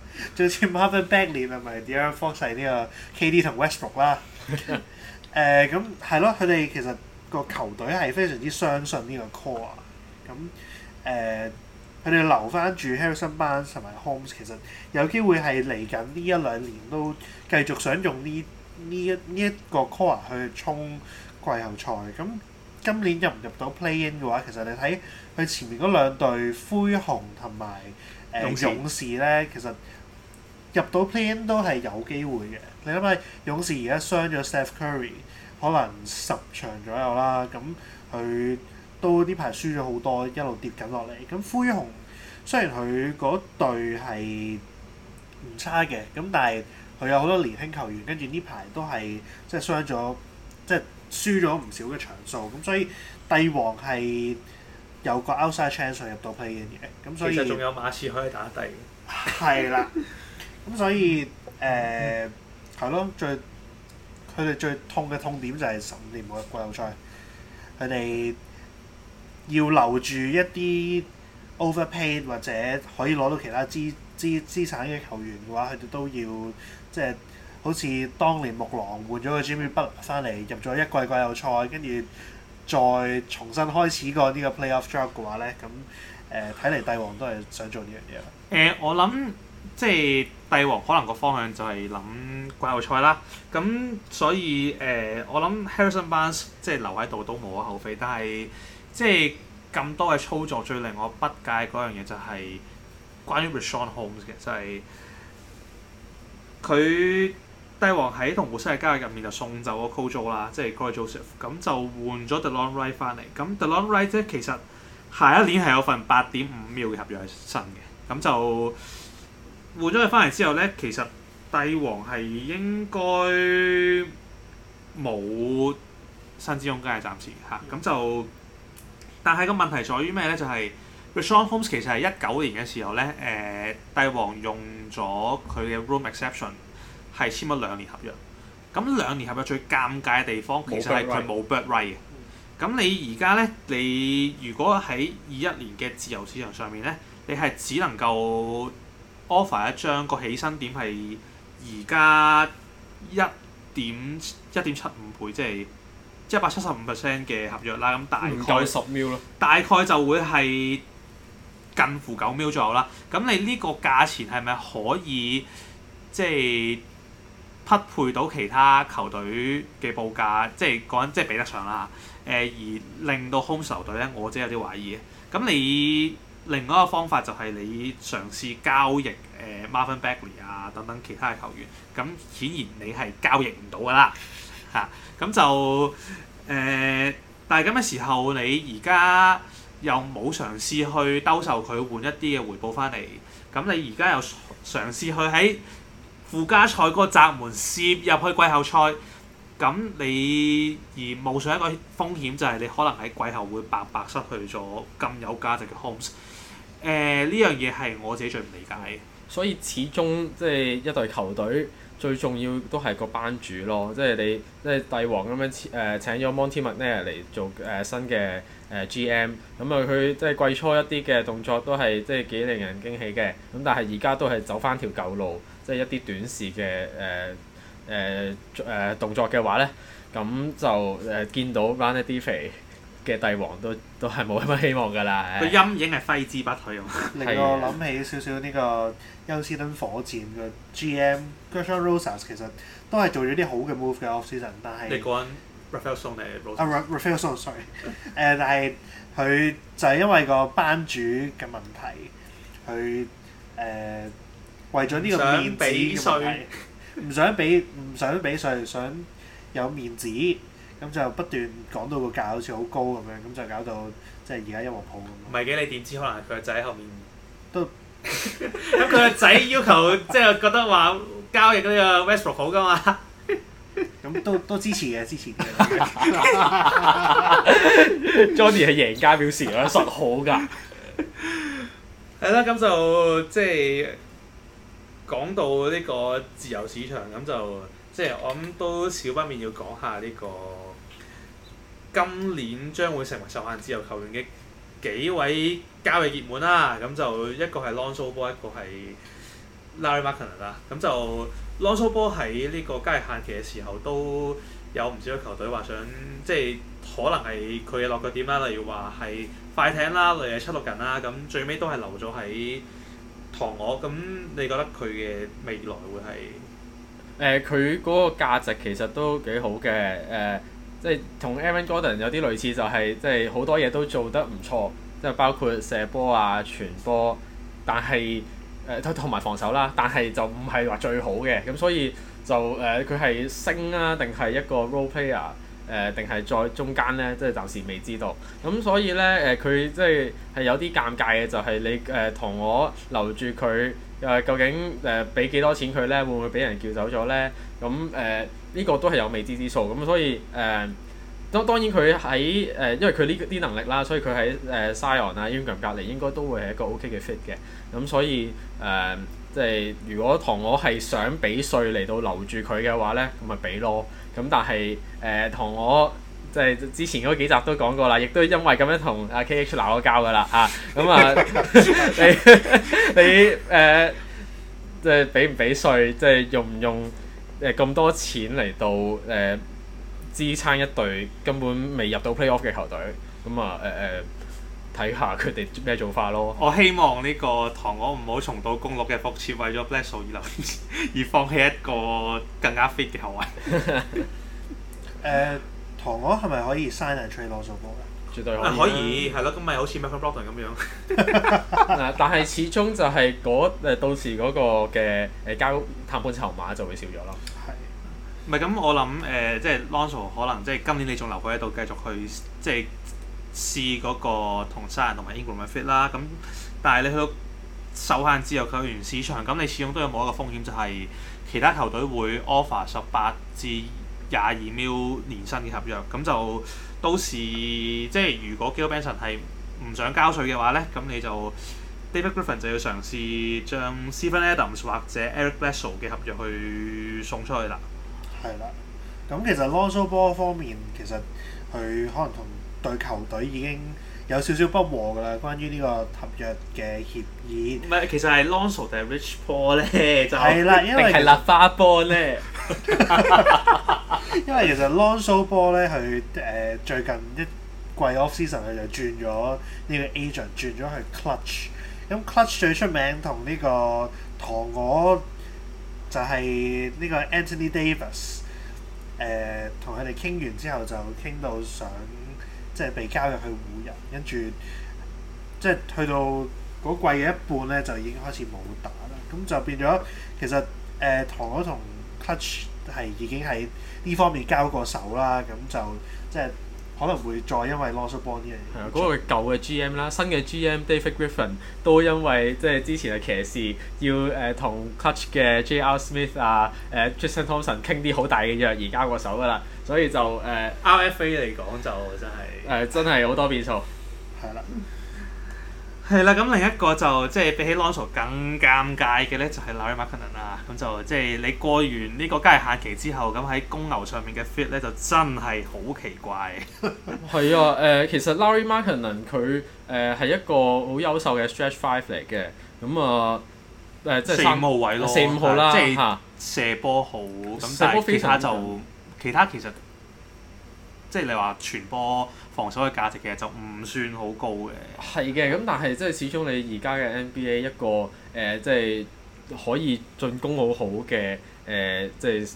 最似 Marvin Backman 係咪點樣幫曬呢個 K.D. 同 Westbrook，ok、啦？誒咁係咯，佢哋、嗯嗯哦、其實個球隊係非常之相信呢個 core、啊。咁、嗯、誒，佢、嗯、哋留翻住 Harrison Barnes 同埋 Holmes，其實有機會係嚟緊呢一兩年都繼續想用呢呢一呢一、呢個 core 去衝季後賽。咁今年入唔入到 playing 嘅話，其實你睇佢前面嗰兩隊灰熊同埋誒勇士咧，其實～入到 play-in 都係有機會嘅。你諗下勇士而家傷咗 Steph Curry，可能十場左右啦。咁佢都呢排輸咗好多，一路跌緊落嚟。咁灰熊雖然佢嗰隊係唔差嘅，咁但係佢有好多年輕球員，跟住呢排都係即係傷咗，即係輸咗唔少嘅場數。咁所以帝王係有個 outside chance 入到 play-in 嘅。咁所以其實仲有馬刺可以打底。係啦 了。 咁所以誒，係、呃、咯，嗯、最佢哋最痛嘅痛點就係十五年冇季後賽。佢哋要留住一啲 overpaid 或者可以攞到其他資資資，資產嘅球員嘅話，佢哋都要即係、就是、好似當年木狼換咗個 Jimmy Butler 翻嚟，入咗一季季後賽，跟住再重新開始過呢個 playoff job 嘅話咧，咁誒睇嚟帝王都係想做呢樣嘢啦。誒，我諗。即係帝王可能個方向就係諗季後賽啦。咁所以誒、呃，我諗 Harrison Barnes 即係留喺度都無可厚非。但係即係咁多嘅操作，最令我不解嗰樣嘢就係關於 Richaun Holmes 嘅，就係、是、佢帝王喺同活塞嘅交易入面就送走咗 CoJo 啦，即係 Cory Joseph。咁就換咗 Delon Wright 翻嚟。咁 Delon Wright 咧，其實下一年係有份八點五 million 嘅合約係新嘅，咁就。換咗佢翻嚟之後咧，其實帝王係應該冇薪資空間，係暫時嚇咁、啊、就。但係個問題在於咩咧？就係 Richaun Holmes 其實係一九年嘅時候咧，誒帝王用咗佢嘅 Room Exception 係簽咗兩年合約。咁兩年合約最尷尬嘅地方其實係佢冇 Bird Right 嘅。咁你而家咧，你如果喺二一年嘅自由市場上面咧，你係只能夠。Offer 一張個起薪點係而家一點一點七五倍，即係一百七十五 percent 嘅合約啦。咁大概十秒咯。大概就會係近乎九秒左右啦。咁你呢個價錢係咪可以即係、就是、匹配到其他球隊嘅報價？即係講即係比得上啦。誒、呃、而令到 home 球隊咧，我真係有啲懷疑咁你？另外一個方法就係你嘗試交易誒 Marvin Bagley 啊等等其他嘅球員，咁顯然你係交易唔到㗎啦嚇，咁、啊、就誒、呃，但係咁嘅時候你而家又冇嘗試去兜售佢換一啲嘅回報翻嚟，咁你而家又嘗試去喺附加賽個閘門攝入去季後賽，咁你而冒上一個風險就係你可能喺季後會白白失去咗咁有價值嘅 Homes。誒呢樣嘢係我自己最唔理解，所以始終即係一隊球隊最重要都係個班主咯，即係你即係帝王咁樣誒、呃、請咗 Monty McNair 嚟做誒、呃、新嘅誒、呃、GM，咁啊佢即係季初一啲嘅動作都係即係幾令人驚喜嘅，咁但係而家都係走翻條舊路，即係一啲短視嘅誒誒誒動作嘅話咧，咁就誒、呃、見到翻一啲肥嘅帝王都都係冇乜希望㗎啦，個陰影已經係揮之不去咁。 是的 令我諗起少少呢個休斯敦火箭嘅 GM Gerson Rosas 其實都係做咗啲好嘅 move 嘅休斯敦，但係你講 Rafael 送嚟啊 Rafael 但係佢就係因為個班主嘅問題，佢誒、呃、為咗呢個面子嘅問題，唔想俾唔 想俾稅，想有面子。咁就不斷講到個價好似好高咁樣，咁就搞到即係而家音樂鋪咁。唔係嘅，你點知？可能佢個仔後面都咁佢個仔要求，即係覺得話交易嗰個 Westbrook 好噶嘛？咁 都都支持嘅，支持嘅。 Johnny 係贏家表示啊，實好噶。係 啦，咁就即係講到呢個自由市場，咁就即係我諗都少不免要講下呢個。今年將會成為受限自由球員嘅幾位交易熱門啦，咁就一個係 Lonzo Ball，一個係 Lauri Markkanen 啦。咁就 Lonzo Ball 喺呢個交易限期嘅時候都有唔少嘅球隊話想，即係可能係佢嘅落腳點啦，例如話係快艇啦，例如係七六人啦，咁最尾都係留咗喺塘鵝。咁你覺得佢嘅未來會係？誒、呃，佢嗰個價值其實都幾好嘅，誒、呃。即係同 Aaron Gordon 有啲類似，就係即係好多嘢都做得唔錯，即係包括射波啊、傳波，但係誒同埋防守啦。但係就唔係話最好嘅。咁所以就誒佢係星啊，定係一個 role player 誒、呃，定係在中間呢？即係暫時未知道。咁所以呢，誒佢即係係有啲尷尬嘅，就係、是、你誒同、呃、我留住佢。誒究竟誒俾幾多錢佢咧？會唔會俾人叫走咗咧？咁誒呢個都係有未知之數咁，嗯，所以誒、呃，當當然佢喺誒，因為佢呢啲能力啦，所以佢喺誒 Zion 啊、Ingram 隔籬應該都會係一個 OK 嘅 fit 嘅。咁、嗯、所以誒，即、呃、係、就是、如果同我係想俾稅嚟到留住佢嘅話咧，咁咪俾咯。咁但係誒同我。即係之前嗰幾集都講過啦，亦都因為咁樣同阿 KH 鬧咗交噶啦嚇，咁啊，啊 你你誒即係俾唔俾稅，即、呃、係、就是就是、用唔用誒咁多錢嚟到誒、呃、支撐一隊根本未入到 playoff 嘅球隊，咁啊誒誒睇下佢哋咩做法咯、 呃。我希望呢個唐我唔好重蹈公鹿嘅覆轍，為咗 Black 數而留而放棄一個更加 fit 嘅球員。誒。唐哥係咪可以 sign and trade 朗素波㗎？絕對可以、嗯。可以，係咯，咁咪好似 Malcolm Brogdon 咁樣。嗱，但係始終就係嗰到時嗰個嘅誒交談判籌碼就會少咗咯。係。唔係咁，我諗誒，即係朗素可能即係今年你仲留佢喺度，繼續去即係試嗰個同 Zion 同埋 Ingram 嘅 fit 啦。咁，但係你去到受限自由球員市場，咁你始終都有冇一個風險，就係、是、其他球隊會 offer 十八至廿二秒年薪嘅合約，咁就到時即係如果 Gayle Benson 係唔想交稅嘅話咧，咁你就 David Griffin 就要嘗試將 Steven Adams 或者 Eric Bessel 嘅合約去送出去啦。係啦，咁其實 Lonzo 波方面其實佢可能同對球隊已經有少少不和㗎啦，關於呢個合約嘅協議。唔係，其實係 Lonzo 定係 Rich Paul 咧，就定係立花波咧。因為其實 Lonzo Paul 咧，佢誒、呃、最近一季 offseason 佢就轉咗呢個 agent，轉咗去 Clutch。咁、嗯、Clutch 最出名同呢個當家就係呢個 Anthony Davis、呃。誒，同佢哋傾完之後，就傾到想。即係被交入去湖人，跟住即係去到嗰季嘅一半咧，就已經開始冇打啦。咁就變咗，其實誒，唐哥同 Clutch 係已經喺呢方面交過手啦。咁就即係。可能會再因為 Loschupon 啲嘢，係啊，嗰個舊嘅 GM 啦，新嘅的 GM David Griffin 都因為即係之前嘅騎士要誒同、呃、Clutch 嘅 JR Smith 啊、誒、呃、Tristan Thompson 傾啲好大嘅約而交過手㗎啦，所以就誒、呃、RFA 嚟講就真係誒、嗯、真係好多變數，係啦。係啦，咁另一個就即係比起 Lonzo、so、更尷尬嘅咧，就係、是、Lauri Markkanen 啊，咁就即係你過完呢個交易限期之後，咁喺公牛上面嘅 fit 咧，就真係好奇怪。係 啊，誒、呃，其實 Lauri Markkanen、呃、佢誒係一個好優秀嘅 stretch five 嚟嘅，咁啊誒四五號位咯，四五號啦，即係射波好，咁、啊、但係其他就其他其實。即係你話傳波防守嘅價值其實就唔算好高嘅。係嘅，咁但係即係始終你而家嘅 NBA 一個誒、呃、即係可以進攻好好嘅誒即係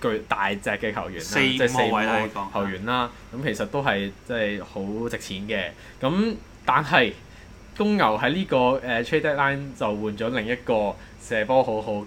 巨大隻嘅球，球員啦，即係四位啦，球員啦，咁其實都係即係好值錢嘅。咁但係公牛喺呢、這個誒、呃、trade deadline 就換咗另一個射波好好。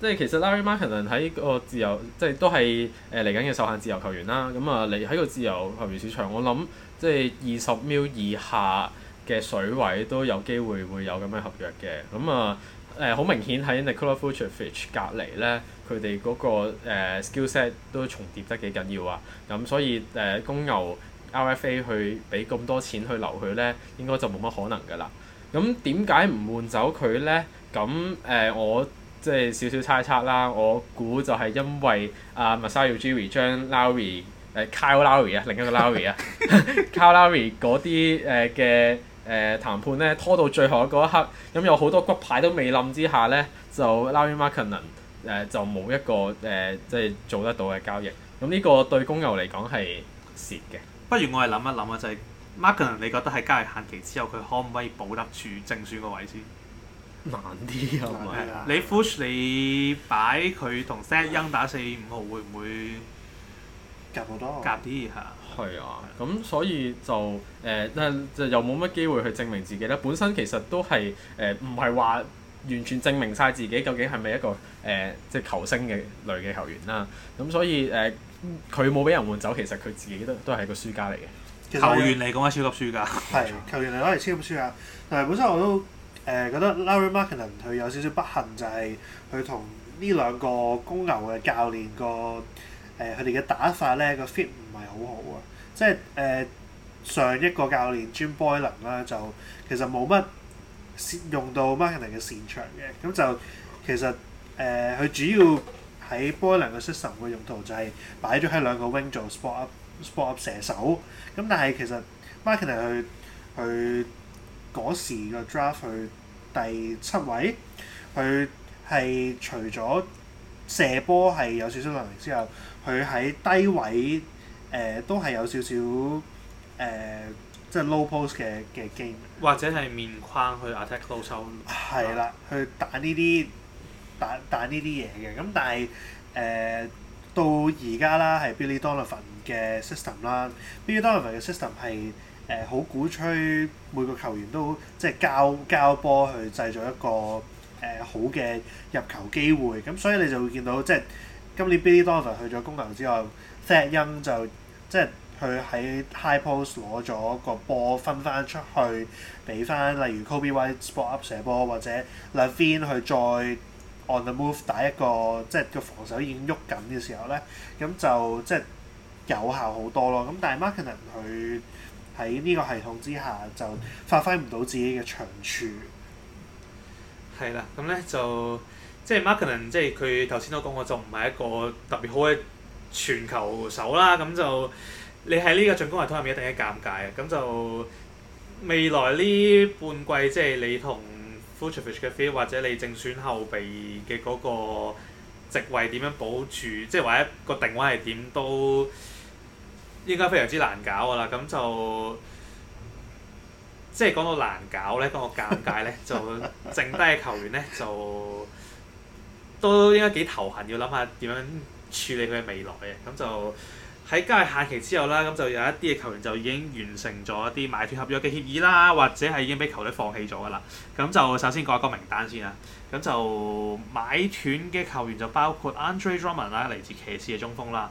即係其實 Lauri Markkanen 喺個自由，即係都係誒嚟緊嘅受限自由球員啦。咁啊，嚟喺個自由球員市場，我諗即係二十米以下嘅水位都有機會會有咁嘅合約嘅。咁啊誒，好、呃、明顯喺 Nikola Vucevic 隔離咧，佢哋嗰個 skillset、呃、都重疊得幾緊要啊。咁所以誒公、呃、牛 RFA 去俾咁多錢去留佢咧，應該就冇乜可能㗎啦。咁點解唔換走佢咧？咁誒、呃、我。即係少少猜測啦，我估就係因為阿 Masai Ujiri 將 Lowry 誒 Kyle Lowry 啊，ry, 呃、ry, 另一個 Lowry 啊 Kyle Lowry 嗰啲誒嘅誒談判咧拖到最後嗰一刻，咁、嗯、有好多骨牌都未冧之下咧，就 Lauri Markkanen、呃、就冇一個誒即係做得到嘅交易，咁、嗯、呢、這個對公牛嚟講係蝕嘅。不如我哋諗一諗啊，就係 Markkanen 你覺得喺交易限期之後，佢可唔可以保得住正選個位先？難啲啊！唔係？你 push 你擺佢同 set 音打四五號會唔會夾好多？夾啲係啊，係啊，咁所以就誒，但、呃、就又冇乜機會去證明自己咧。本身其實都係誒，唔係話完全證明晒自己究竟係咪一個誒，即、呃、係、就是、球星嘅類嘅球員啦。咁所以誒，佢冇俾人換走，其實佢自己都都係個輸家嚟嘅。球員嚟講係超級輸家。係球員嚟講係超級輸家，但係本身我都。誒覺得 Lauri Markkanen 佢有少少不幸就係佢同呢兩個公牛嘅教練個誒佢哋嘅打法咧個 fit 唔係好好啊，即係誒上一個教練 Jim Boylen 啦就其實冇乜用到 Markkanen 嘅擅長嘅，咁就其實誒佢主要喺 Boylen 嘅 system 嘅用途就係擺咗喺兩個 wing 做 spot up spot up 射手，咁但係其實 Markkanen 佢佢。嗰時個 draft 去第七位，佢係除咗射波係有少少能力之後，佢喺低位誒、呃、都係有少少誒、呃、即係 low post 嘅嘅 game 或者係面框去 attack low zone。係啦，去打呢啲打打呢啲嘢嘅，咁但係誒、呃、到而家啦，係 Billy Donovan 嘅 system 啦 ，Billy Donovan 嘅 system 係。誒好、呃、鼓吹每個球員都即係交交波去製造一個誒、呃、好嘅入球機會，咁所以你就會見到即係今年 Billy Donovan 去咗公牛之後 Thad Young 就即係佢喺 High Post 攞咗個波分翻出去俾翻，例如 Coby White spot up 射波或者 LaVine 去再 on the move 打一個即係個防守已經喐緊嘅時候咧，咁就即係有效好多咯。咁但係 Markkanen 佢喺呢個系統之下就發揮唔到自己嘅長處。係啦，咁咧就即係 McKinnon，即係佢頭先都講過，就唔係一個特別好嘅傳球手啦。咁就你喺呢個進攻系統入面一定係尷尬嘅。咁就未來呢半季即係你同 Futurage 嘅 feel 或者你正選後備嘅嗰個席位點樣保住，即係或者一個定位係點都。應該非常之難搞啊啦，咁就即係講到難搞咧，個尷尬咧，就剩低嘅球員咧就都應該幾頭痕，要諗下點樣處理佢嘅未來嘅。咁就喺交易限期之後啦，咁就有一啲嘅球員就已經完成咗一啲買斷合約嘅協議啦，或者係已經俾球隊放棄咗噶啦。咁就首先講一個名單先啦。咁就買斷嘅球員就包括 Andre Drummond 啦，嚟自騎士嘅中鋒啦。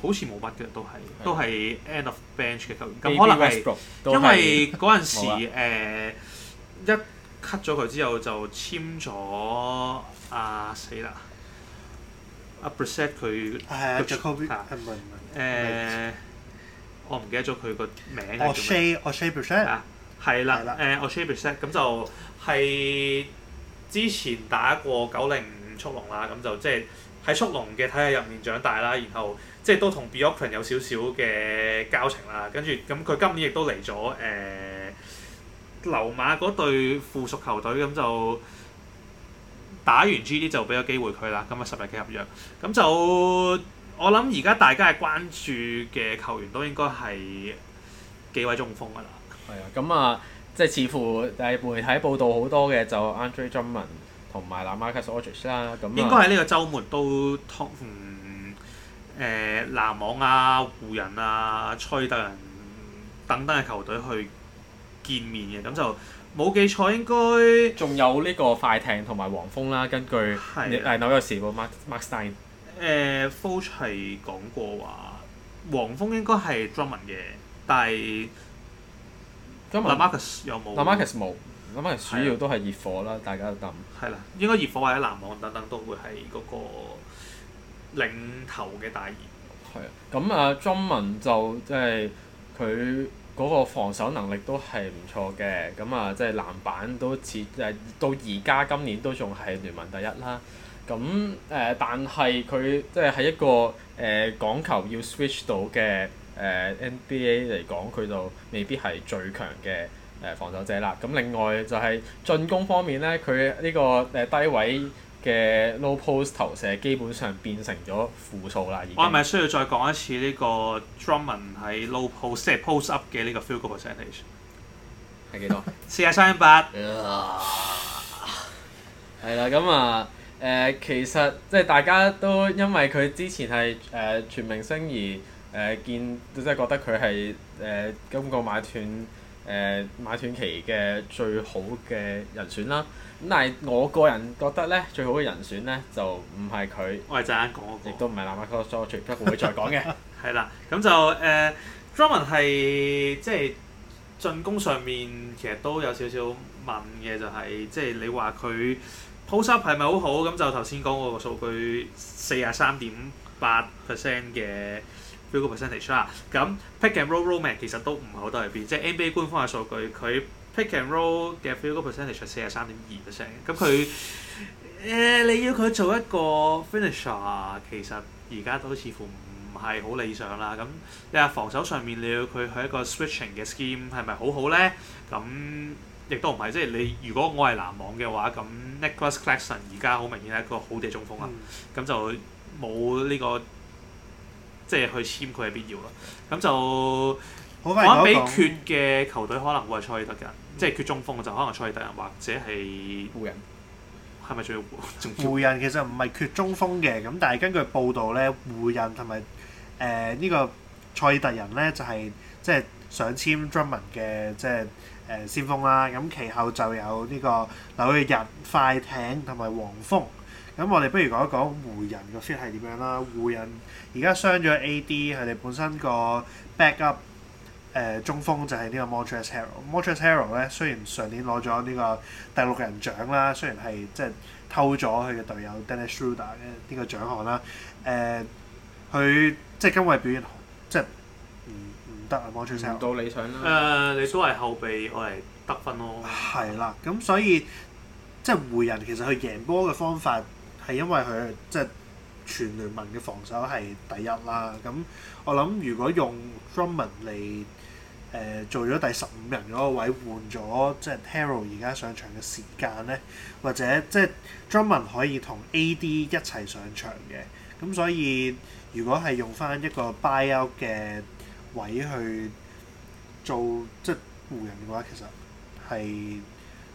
好似冇乜嘅，都係的都係 end of bench 嘅球員。咁可能係因為嗰陣時 法、呃、一 cut 咗佢之後就簽，就簽咗阿死啦，阿 preset e 佢。係啊 c o b i 唔係唔係誒，我唔記得咗佢個名。我 s h a 我 s h e r s e 係啦，誒、啊，我 s h a e r s e t 咁就係之前打過九零五速龍啦，咁就即係喺速龍嘅體系入面長大啦，然後。即係都同 Beocan 有少少嘅交情啦，跟住咁佢今年亦都嚟咗誒，流、呃、馬嗰隊附屬球隊，咁就打完 G D 就俾咗機會佢啦，咁啊十日嘅合約，咁就我諗而家大家係關注嘅球員都應該係幾位中鋒㗎啦。係啊，咁啊，即係似乎誒媒體報道好多嘅就 Andre Drummond 同埋 LaMarcus Aldridge 啦，咁、啊、應該喺呢個周末都通誒籃網啊、湖人啊、吹特人等等嘅球隊去見面嘅，咁就冇記錯應該仲有呢個快艇同埋黃蜂啦。根據紐約時報的 Mark Stein，誒、呃、Fouche 係講過話黃蜂應該係 Drummond 嘅，但係 Drummond、啊、Marcus 有冇 Marcus 冇，LaMarcus 主要都係熱火啦，的大家都諗。係啦，應該熱火或者籃網等等都會係嗰、那個。領頭嘅大熱，係啊，咁啊，中文就即係佢嗰個防守能力都係唔錯嘅，咁啊，即係籃板都似誒、呃、到而家今年都仲係聯盟第一啦，咁誒、呃、但係佢即係喺一個誒、呃、講求要 switch 到嘅誒、呃、NBA 嚟講，佢就未必係最強嘅誒、呃、防守者啦。咁另外就係進攻方面咧，佢呢個誒低位嘅 low post 投射基本上變成咗負數啦，已經，而我係咪需要再講一次呢個 Drummond 喺 low post 即係 post up 嘅呢個 field goal percentage 係幾多？ 四十三點八。 係啦，咁啊，誒，其實即係大家都因為佢之前係誒、呃、全明星而誒、呃、見，即係覺得佢係誒今個買斷誒買、呃、斷期嘅最好嘅人選啦。咁但係我個人覺得咧，最好嘅人選咧就唔係佢，我係陣間講，亦、那個、都唔係籃板哥，再絕不會再講嘅。係啦， 咁就誒、呃、Drummond 係即係進攻上面其實都有少少問嘅，就係、是、即係你話佢 post up 係咪好好？咁就頭先講嗰個數據四十三點八 percent 嘅 FG percentage 啦。咁 pick and roll man 其實都唔係好得喺邊，即係 NBA 官方嘅數據佢。Pick and roll 嘅 field percentage 係四十三點二 percent，咁佢誒你要佢做一個 finisher，其實而家都似乎唔係好理想啦。咁你話防守上面你要佢去一個 switching 嘅 scheme 係咪好好咧？咁亦都唔係，即係你如果我係籃網嘅話，咁 Niklas Claxton 而家好明顯係一個好嘅中鋒啦，咁、嗯、就冇呢、這個即係去簽佢嘅必要啦。咁就玩俾券嘅球隊可能會係蔡依特㗎。即係缺中鋒，就可能賽爾特人或者係湖人，係咪仲？要 湖人其實唔係缺中鋒嘅，咁但係根據報道咧，湖人同埋誒呢個賽爾特人咧就係即係想簽 Drummond 嘅即係誒先鋒啦。咁其後就有呢個紐約人、快艇同埋黃蜂。咁我哋不如講一講湖人個 fit 係點樣啦。湖人而家傷咗 AD，佢哋本身個 backup。誒中鋒就係呢個 Montrezl Harrell Montrezl Harrell 咧雖然上年攞咗呢個第六人獎啦，雖然係即係偷咗佢嘅隊友 Dennis Schroeder 嘅呢個獎項啦。誒、啊、佢即係今位表現即係唔唔得啊！Montrezl 唔到理想啦。誒、呃、你所謂後備，我係得分咯。係啦，咁所以即係湖人其實佢贏波嘅方法係因為佢即係全聯盟嘅防守係第一啦。咁我諗如果用 Drummond 嚟。誒做咗第十五人嗰個位換咗，即係 Taro 而家上場嘅時間咧，或者即係 Drummond 可以同 AD 一齊上場嘅，咁所以如果係用翻一個 buyout 嘅位去做即係湖人嘅話，其實係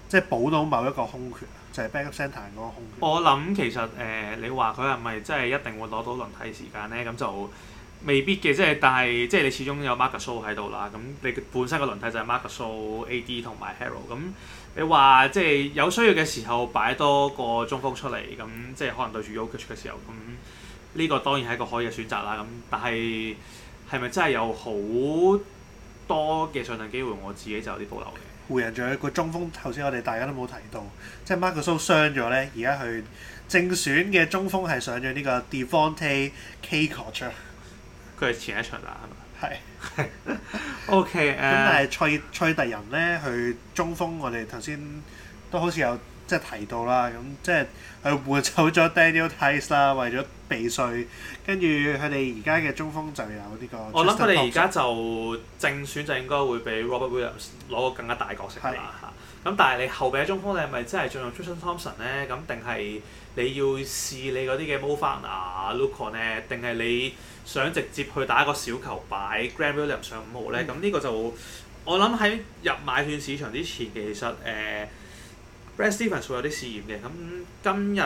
即係補到某一個空缺，就係、是、backup centre 嗰個空缺。我諗其實誒、呃，你話佢係咪即係一定會攞到輪替時間咧？咁就。未必嘅，即係但係即係你始終有 Marcuso 喺度啦。咁你本身個輪替就係 Marcuso、AD 同埋 Harrell 咁你話即係有需要嘅時候擺多個中鋒出嚟，咁即係可能對住 Jokic、ok、嘅時候，咁呢、這個當然係一個可以嘅選擇啦。咁但係係咪真係有好多嘅上場機會？我自己就有啲保留嘅。湖人仲有個中鋒，頭先我哋大家都冇提到，即係 Marcuso 傷咗咧，而家去正選嘅中鋒係上咗呢個 Devontae Cacok 啊、er.。佢前一場啦，係嘛？係是 ，O.K. 咁、uh, 但係，賽賽迪人咧，佢中鋒，我哋頭先都好似有即係提到啦。咁即係佢換走咗 Daniel Tice 啦，為咗避稅，跟住佢哋而家嘅中鋒就有呢個。我諗佢哋而家就正選就應該會畀 Robert Williams 攞個更加大角色啦嚇。咁是但係你後備嘅中鋒，你係咪真係進入 Justin Thompson 咧？咁定係你要試你嗰啲嘅 m o u f a n 啊 l o o k on 呢？定係你？想直接去打一個小球擺 Grant Williams 上五號咧，咁呢、嗯、個就我諗喺入買斷市場之前，其實誒、呃、Brad Stevens 會有啲試驗嘅。咁今日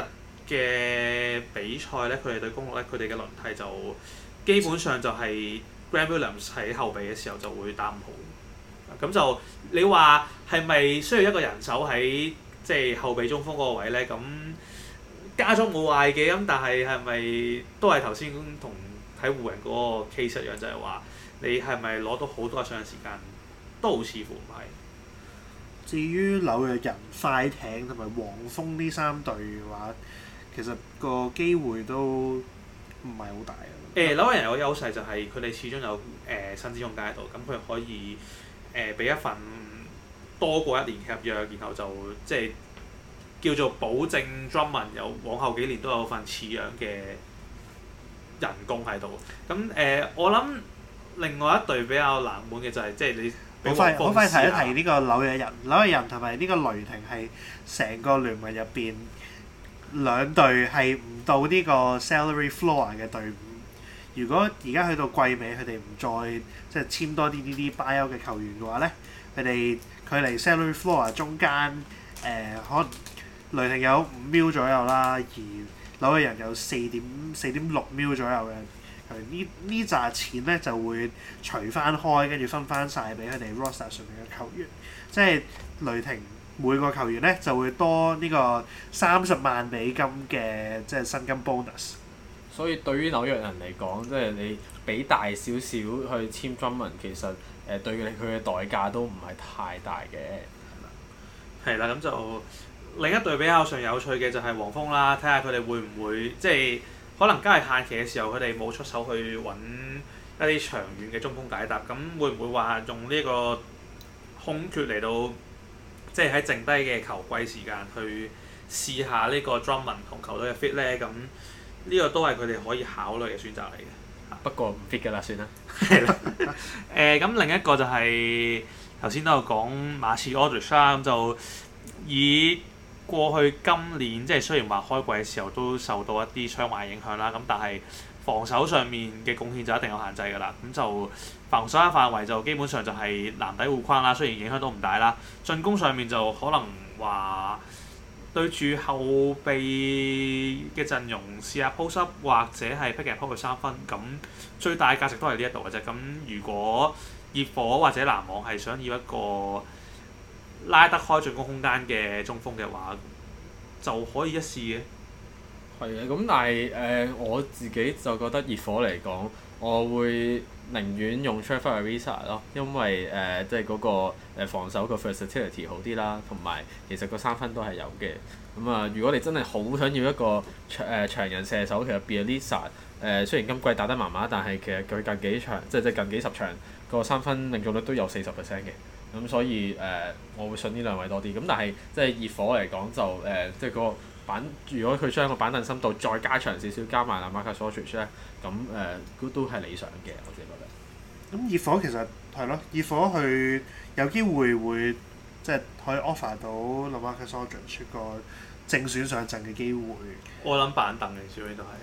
嘅比賽咧，佢哋對公鹿咧，佢哋嘅輪替就基本上就係 Grant Williams 喺後備嘅時候就會打唔好。咁就你話係咪需要一個人手喺即係後備中鋒嗰個位咧？咁加速冇壞嘅，咁但係係咪都係頭先同？睇湖人嗰個 case 樣就係、是、話，你係咪攞到好多嘅上嘅時間都似乎唔係？至於紐約人、快艇同埋黃蜂呢三隊嘅話，其實個機會都唔係好大啊。誒紐約人、就是、有個優勢就係佢哋始終有誒新資中階喺度，咁、呃、佢可以誒俾、呃、一份多過一年嘅合約，然後就即係叫做保證。Drummond 有往後幾年都有份似樣嘅。嗯人工喺度，咁誒、呃、我諗另外一隊比較冷門嘅就係、是、即係你好快好快提一提呢個紐約人，紐約人同埋呢個雷霆係成個聯盟入邊兩隊係唔到呢個 salary floor 嘅隊伍。如果而家去到季尾，佢哋唔再即係簽多啲呢啲 buyout 嘅球員嘅話咧，佢哋距離 salary floor 中間誒可能雷霆有五 mil 左右啦，而紐約人有四點四點六 million 左右嘅，呢呢紮錢呢就會除翻開，跟住分翻晒俾佢哋 roster 上面嘅球員，即係雷霆每個球員呢就會多呢個三十萬美金嘅即係薪金 bonus。所以對於紐約人嚟講，即係你俾大少少去簽金文，其實誒對佢嘅代價都唔係太大嘅，係嘛？係啦，咁就。另一隊比較上有趣嘅就係黃蜂啦，睇下佢哋會唔會即係可能加係限期嘅時候，佢哋冇出手去揾一啲長遠嘅中鋒解答，咁會唔會話用呢個空缺嚟到即係喺剩低嘅球季時間去試下呢個 Drummond 同球隊嘅 fit 咧？咁呢、這個都係佢哋可以考慮嘅選擇嚟嘅。不過唔 fit 㗎啦，算啦。係 啦、 呃，誒咁另一個就係頭先都有講馬刺 Aldridge 啦，咁就以。過去今年即係雖然話開季嘅時候都受到一啲傷患影響啦，咁但係防守上面嘅貢獻就一定有限制㗎啦。咁就防守嘅範圍就基本上就係籃底護框啦，雖然影響都唔大啦。進攻上面就可能話對住後備嘅陣容試下 post up 或者係 pick and pop 佢三分。咁最大嘅價值都係呢一度嘅啫。咁如果熱火或者籃網係想要一個拉得開進攻空間嘅中鋒嘅話，就可以一試嘅。係啊，咁但係誒、呃、我自己就覺得熱火嚟講，我會寧願用 Trevor Ariza 咯，因為誒即係嗰個防守個 versatility 好啲啦，同埋其實個三分都係有嘅。咁、嗯、啊，如果你真係好想要一個長誒人射手，其實 Bjelica 誒、呃、雖然今季打得麻麻，但係其實佢近幾場即係即係近幾十場、個三分命中率都有四十 percent 嘅。咁、嗯、所以誒、呃，我會信呢兩位多啲。咁但係即係熱火嚟講就誒，即係嗰、呃、個板，如果佢將個板凳深度再加長少少，加埋 LaMarcus Aldridge 咧，咁誒都都係理想嘅，我自己覺得。咁熱火其實係咯，熱火佢，有機會會即係可以 offer 到 LaMarcus Aldridge 個正選上陣嘅機會。我諗板凳嚟主要都係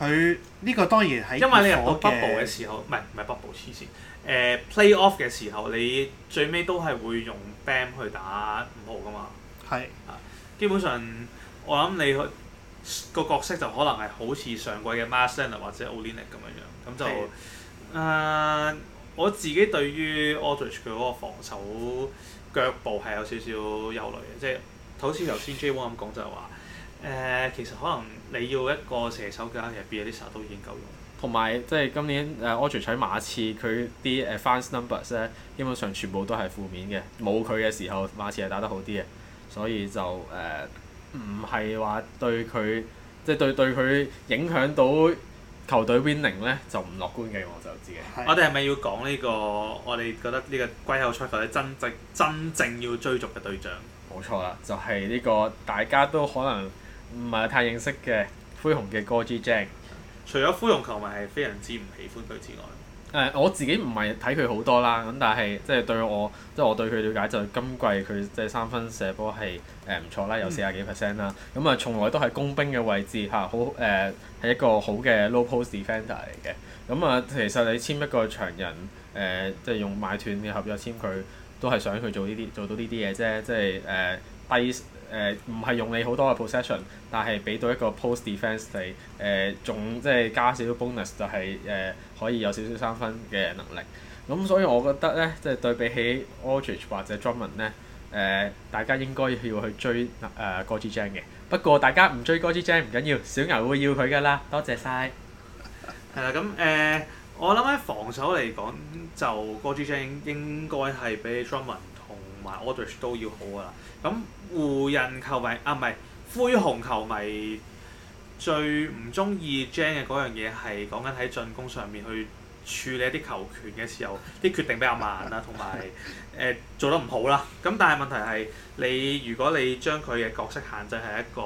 佢呢個當然係。因為你入到 bubble 嘅時候，唔係唔係 bubble 黐線。誒、呃、playoff 嘅時候，你最尾都係會用 bam 去打五號噶嘛？係啊的，基本上我諗你個角色就可能係好似上季嘅 Meyers Leonard 或者 Olynyk 咁樣樣，咁就誒的、呃、我自己對於 Aldridge 佢嗰個防守腳步係有少少憂慮嘅，即係好似頭先 Jone 咁講就係話誒、呃、其實可能你要一個射手嘅，其實 Bjelica 都已經夠用。同埋即係今年 u Aldridge 喺馬刺佢啲誒 advanced numbers 咧，基本上全部都係負面嘅。冇佢嘅時候，馬刺係打得好啲嘅，所以就誒唔係話對佢即係對對佢影響到球隊 winning 咧就唔樂觀嘅。我就知嘅。我哋係咪要講呢個？我哋覺得呢個季後賽嘅真即真正要追逐嘅對象。冇錯啦，就係、是、呢個大家都可能唔係太認識嘅灰熊嘅 Gorgui Dieng。除咗菲傭球迷係非常之唔喜歡佢之外，誒、uh, 我自己唔係睇佢好多啦，咁但係即係對我即係、就是、我對佢了解就係、是、今季佢即係三分射波係誒唔錯啦，有四十幾 percent 啦，咁、嗯、啊從來都係工兵嘅位置嚇、啊，好誒係、uh, 一個好嘅 low post defender 嚟嘅，咁啊其實你簽一個長人誒即係用買斷嘅合約簽佢，都係想佢做呢啲做到呢啲嘢啫，即係誒。Uh, 低誒唔係用你好多嘅 possession，但係俾到一個 post defense 你誒，仲即係加少少 bonus，就係誒可以有少少三分嘅能力。咁所以我覺得咧，即係對比起 Aldridge 或者 Drummond 咧，誒、呃、大家應該要去追誒、呃、George James 嘅。不過大家唔追 George James 唔緊要，小牛會要佢㗎啦。多謝晒！係啦，咁誒、呃、我諗喺防守嚟講，就 George James 應該係比 Drummond 同埋 Aldridge 都要好㗎啦。咁湖人球迷啊，唔係，灰熊球迷最唔中意 Jane 嘅嗰樣嘢係講緊喺進攻上面去處理一啲球權嘅時候，啲決定比較慢啦，同埋誒做得唔好啦。咁但係問題係你如果你將佢嘅角色限制係一個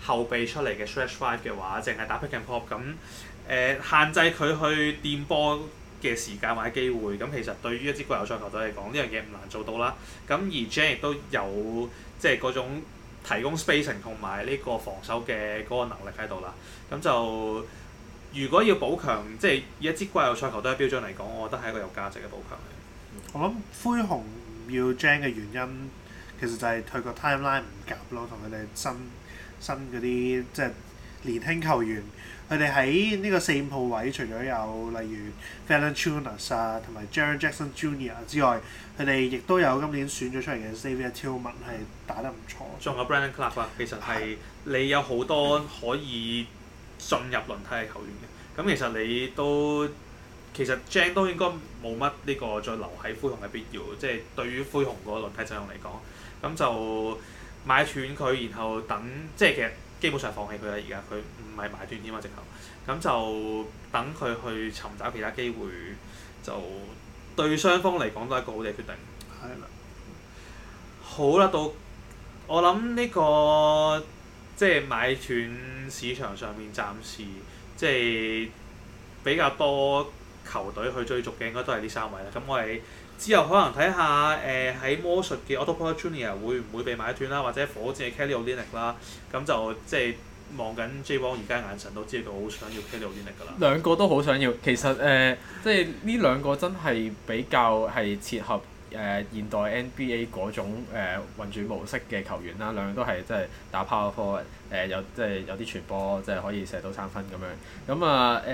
後備出嚟嘅 stretch five 嘅話，淨係打 pick and pop 咁誒、呃，限制佢去掂波嘅時間或者機會。咁其實對於一支季後賽球隊嚟講，呢樣嘢唔難做到啦。咁而 Jane 亦都有。即係嗰種提供 spacing 同埋呢個防守嘅嗰個能力喺度啦，咁就如果要補強，即係一支季後賽球隊嘅標準嚟講，我覺得係一個有價值嘅補強。我諗灰熊唔要 Jen 嘅原因，其實就係佢個 timeline 唔夾咯，同佢哋新新嗰啲即係年輕球員。佢哋喺呢個四五號位，除咗有例如 Valanciunas 啊，同埋 Jaren Jackson Junior 之外，佢哋亦都有今年選咗出嚟嘅 Xavier Tillman 係打得唔錯。仲有 Brandon Clarke 啊，其實係你有好多可以進入輪替嘅球員嘅。咁、嗯、其實你都其實 Jang 都應該冇乜呢個再留喺灰熊嘅必要。即、就、係、是、對於灰熊個輪替陣容嚟講，咁就買斷佢，然後等即係其實基本上放棄佢啦。而家佢。唔係買斷添嘛，直頭咁就等佢去尋找其他機會，就對雙方嚟講都係一個好嘅決定。係啦的，好啦，到我諗呢、這個即係、就是、買斷市場上面，暫時即係、就是、比較多球隊去追逐嘅，應該都係呢三位啦。咁我哋之後可能睇下誒喺魔術嘅 Otto Porter Jr. 會唔會被買斷啦，或者火箭嘅 Kelly Olynyk 啦，咁就即、是、係。望緊 J 王而家眼神都知道好想要 Kawhi Leonard 噶啦，兩個都好想要。其實誒，即係呢兩個真係比較係切合誒、呃、現代 NBA 嗰種誒、呃、運轉模式嘅球員啦。兩個都係即係打 power forward、呃、有即係、就是、有啲傳波，即、就、係、是、可以射到三分咁樣。咁啊誒，咁、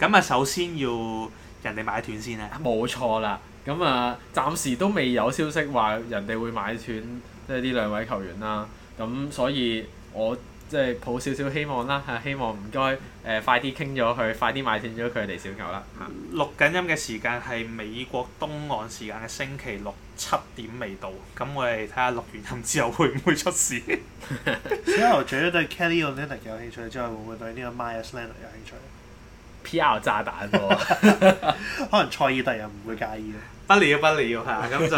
呃、啊首先要人哋買斷先咧，冇錯啦。咁、嗯、啊，暫時都未有消息話人哋會買斷，即係呢兩位球員啦。咁、嗯、所以我。即係抱少少希望啦，希望唔該誒快啲傾咗佢，快啲買斷咗佢哋小牛啦。啊、錄緊音嘅時間係美國東岸時間嘅星期六七點未到，咁我哋睇下錄完音之後會唔會出事？ 小牛除咗對 Katie Leonard 有興趣之外，會唔會對呢個 Myers Leonard 有興趣？P. R. 炸彈喎、哦， 可能賽爾特又唔會介意咯。不了不了嚇，咁、嗯、就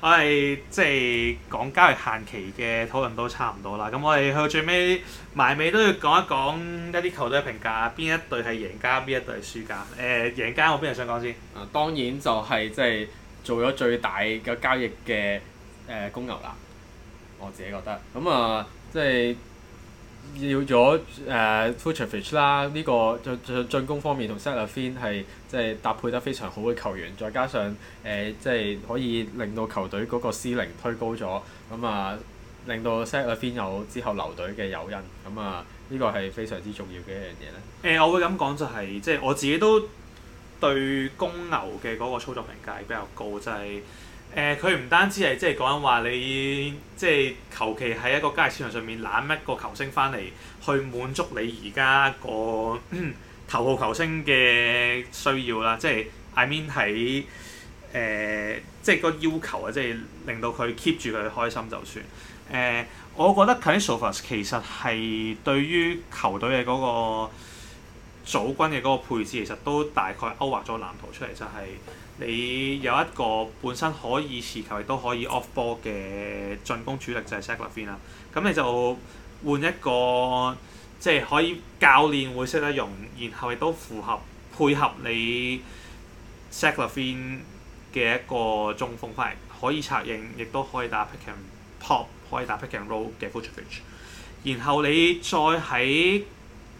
我係即係講交易限期嘅討論都差唔多啦。咁我哋去最尾埋尾都要講一講一啲球隊嘅評價，邊一隊係贏家，邊一隊係輸家。誒、呃，贏家我邊人想講先？誒，當然就係即係做咗最大嘅交易嘅誒公牛啦。我自己覺得，咁啊，即、呃、係。要咗誒 Vucevic 啦，呢、這個進進攻方面同 LaVine 係即係搭配得非常好嘅球員，再加上誒即係可以令到球隊嗰個司令推高咗咁啊，令到 LaVine 有之後留隊嘅誘因咁啊，呢、這個係非常之重要嘅一樣嘢咧。誒、呃、我會咁講、就是，就係即係我自己都對公牛嘅嗰個操作評價比較高，就係、是。誒，佢唔、呃、單止係即係講話你，即係求其喺一個街市場上面攬一個球星翻嚟，去滿足你而家個頭號球星嘅需要啦。即係 I mean 喺誒、呃，即係個要求啊，即係令到佢 keep 住佢開心就算。誒、呃，我覺得 Karlisovas 其實係對於球隊嘅嗰個組軍嘅嗰個配置，其實都大概勾畫咗藍圖出嚟，就係、是。你有一個本身可以持球亦都可以 off ball 嘅進攻主力就係 Zach LaVine 啦，咁你就換一個即係可以教練會識得用，然後亦都符合配合你 Zach LaVine 嘅一個中鋒，返嚟可以策應，亦都可以打 pick and pop，可以打 pick and roll 嘅 footage。然後你再喺一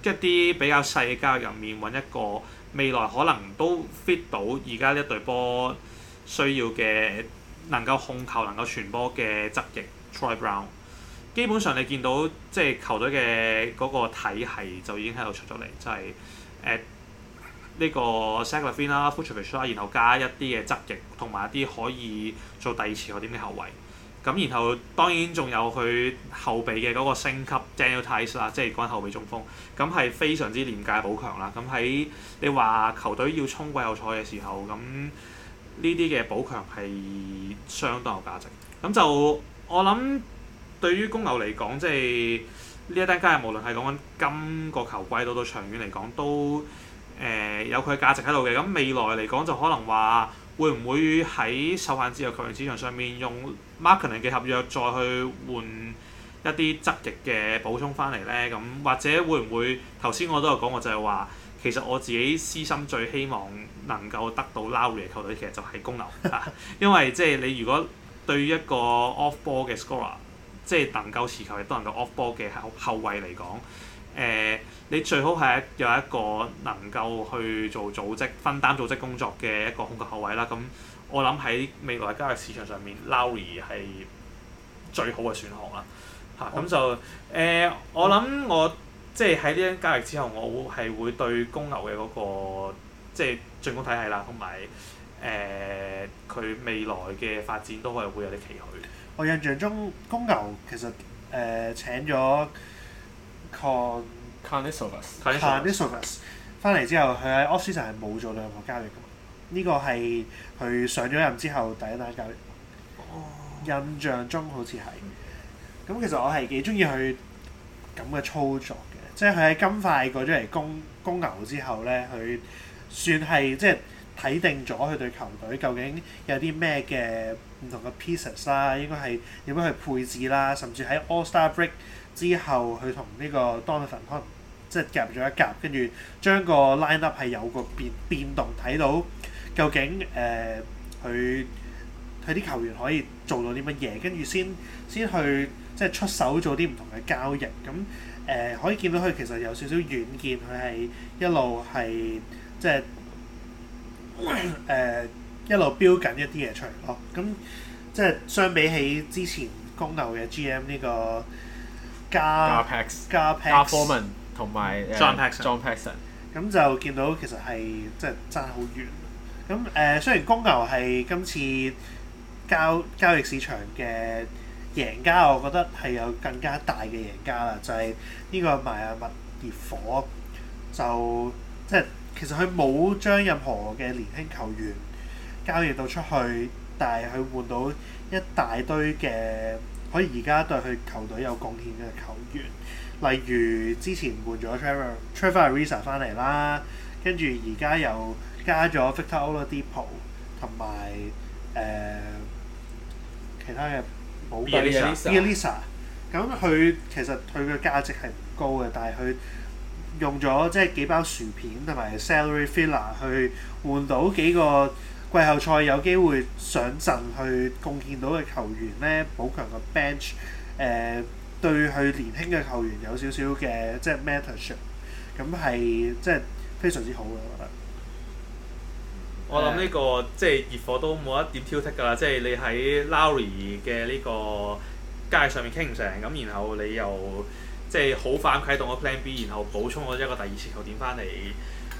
啲比較細嘅交易入面揾一個。未來可能都 fit 到而家呢一隊波需要嘅能夠控球、能夠傳波嘅側翼，Troy Brown。基本上你見到即係、就是、球隊嘅嗰個體系就已經喺度出咗嚟，就係誒呢個 Settler 邊啦 f o o l t r e a t m e 啦，然後加一啲嘅側翼同埋一啲可以做第二次海點的後衞。咁，然後當然仲有佢後備嘅嗰個升級 Daniel Theis 啦，即係講緊後備中鋒。咁係非常之廉價補強啦。咁喺你話球隊要衝季後賽嘅時候，咁呢啲嘅補強係相當有價值。咁就我諗，對於公牛嚟講，即係呢一單交易，無論係講緊今個球季到到長遠嚟講，都誒、呃、有佢嘅價值喺度嘅。咁未來嚟講，就可能話會唔會喺受限自由球員市場上面用 m a r k e n 嘅合約再去換一啲質力嘅補充翻嚟咧，咁或者會唔會頭先我都有講，我就係話其實我自己私心最希望能夠得到 l a 嚟嘅球隊，其實就係公牛， 因為即係你如果對一個 off ball 嘅 scorer，即係能夠持球亦都能夠 off ball 嘅後後衞嚟講，誒、呃、你最好係有一個能夠去做組織、分擔組織工作嘅一個控球後衞啦，咁。我諗喺未來交易市場上面 Lowry 係最好嘅選項啦。嚇、啊、咁就誒、呃，我諗我即係喺呢單交易之後，我會係會對公牛嘅嗰、那個即係進攻體系啦，同埋誒佢未來嘅發展都係會有啲期許。我印象中公牛其實誒、呃、請咗 Con Karnisovas Karnisovas 翻嚟之後，佢喺 offseason 係冇做任何交易噶嘛。呢個係佢上咗任之後第一單交易，印象中好似係咁。其實我係幾中意佢咁嘅操作嘅，即係佢喺金塊過咗嚟公公牛之後咧，佢算係即係睇定咗佢對球隊究竟有啲咩嘅唔同嘅 pieces 啦，應該係點樣去配置啦，甚至喺 All Star Break 之後，佢同呢個 Donovan 可能即係夾咗一夾，跟住將個 line up 係有個變變，變動，睇到。究竟誒佢佢啲球員可以做到啲乜嘢？跟住先先去即係出手做啲唔同嘅交易。咁、嗯、誒、呃、可以見到佢其實有少少遠見，佢係一路係即係誒、呃、一路標緊一啲嘢出嚟咯。咁、嗯、即係相比起之前公牛嘅 GM 呢個加加 Gar Forman 同埋 John Paxson，咁就見到其實係即係爭好遠。咁誒、嗯，雖然公牛係今次交交易市場嘅贏家，我覺得係有更加大嘅贏家啦，就係、是、呢個邁阿密熱火就即係其實佢冇將任何嘅年輕球員交易到出去，但係佢換到一大堆嘅可以而家對佢球隊有貢獻嘅球員，例如之前換咗 Tre Trevor、Trevor Ar Ariza 翻嚟啦，跟住而家又，加咗 Victor Oladipo 同埋誒、呃、其他嘅補強，Elisa 咁佢其實佢嘅價值係唔高嘅，但係佢用咗即係幾包薯片同埋 salary filler 去換到幾個季後賽有機會上陣去貢獻到嘅球員咧，補強個 bench 誒、呃、對佢年輕嘅球員有少少嘅即係、就是、mentorship，咁係即係、就是、非常之好嘅，我覺得。我諗呢、這個即係熱火都冇得點挑剔㗎啦，即係你喺 Lowry 嘅呢個街上面傾唔成，咁然後你又即係好快咁啟動個 Plan B，然後補充咗一個第二次球點翻嚟，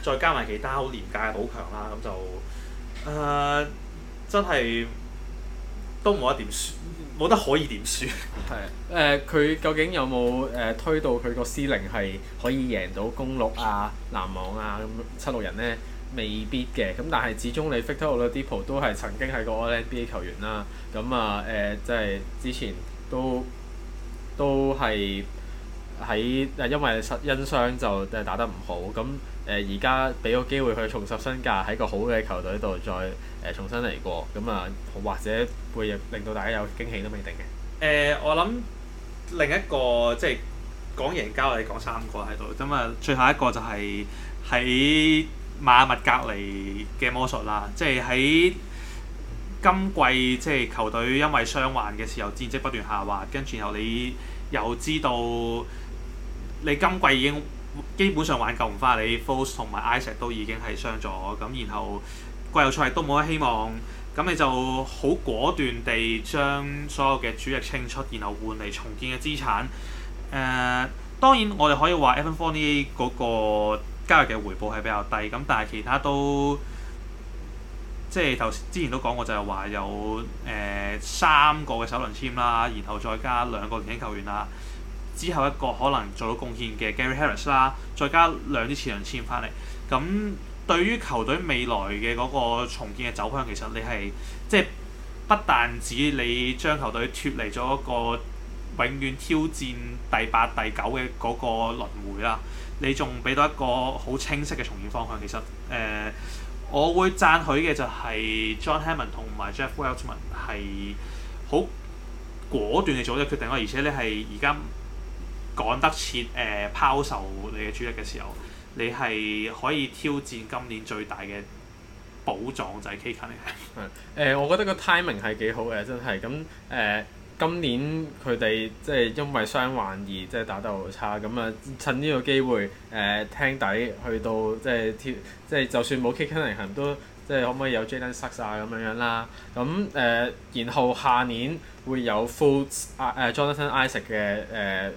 再加埋其他好廉價嘅補強啦，咁就誒、呃、真係都冇得點輸，冇得可以點輸。係、呃、誒，佢究竟有冇誒、呃、推到佢個 ceiling 係可以贏到公鹿啊、籃網啊咁七六人呢？未必嘅。咁，但係始終你 Victor Oladipo 都係曾經喺個、All、NBA 球員啦。咁啊誒，即、呃、係、就是、之前都都係喺誒，因為實因傷就誒打得唔好咁誒。而家俾個機會去重拾身價，喺個好嘅球隊度再誒、呃、重新嚟過咁啊，或者會令到大家有驚喜都未定嘅誒、呃。我諗另一個即係講成交，你哋講三個喺度咁啊。最後一個就係、是、喺。馬密隔離嘅魔術啦，即係喺今季即係球隊因為傷患嘅時候戰績不斷下滑，跟住然後你又知道你今季已經基本上挽救唔翻，你 Fultz 同埋 Isaac 都已經係傷咗，咁然後季後賽都冇乜希望，咁你就好果斷地將所有嘅主力清出，然後換嚟重建嘅資產。誒、呃，當然我哋可以話 Evan Fournier 嗰個。交易嘅回報係比較低咁，但係其他都即係頭之前都講過，就係、是、話有誒、呃、三個嘅首輪簽啦，然後再加兩個年輕球員啦，之後一個可能做到貢獻嘅 Gary Harris 啦，再加兩支次輪簽翻嚟。咁對於球隊未來嘅嗰個重建嘅走向，其實你係即係不但止你將球隊脫離咗一個永遠挑戰第八、第九嘅嗰個輪迴啦。你仲俾到一個好清晰嘅重建方向，其實誒、呃，我會讚許嘅就係 John Hammond 同埋 Jeff Weltman 係好果斷嘅做咗一決定咯，而且你係而家趕得切誒拋售你嘅主力嘅時候，你係可以挑戰今年最大嘅寶藏就係、是、K 金嚟嘅。係我覺得個 timing 係幾好嘅，真係咁誒。今年佢哋即係因為傷患而即係打得好差，咁啊趁呢個機會誒、呃、聽底去到即係跳，即係就算冇 Cade Cunningham 都即係可唔可以有 Jalen Suggs 啊咁樣樣啦。咁、呃、誒，然後下年會有 Fultz、呃、Jonathan Isaac 嘅誒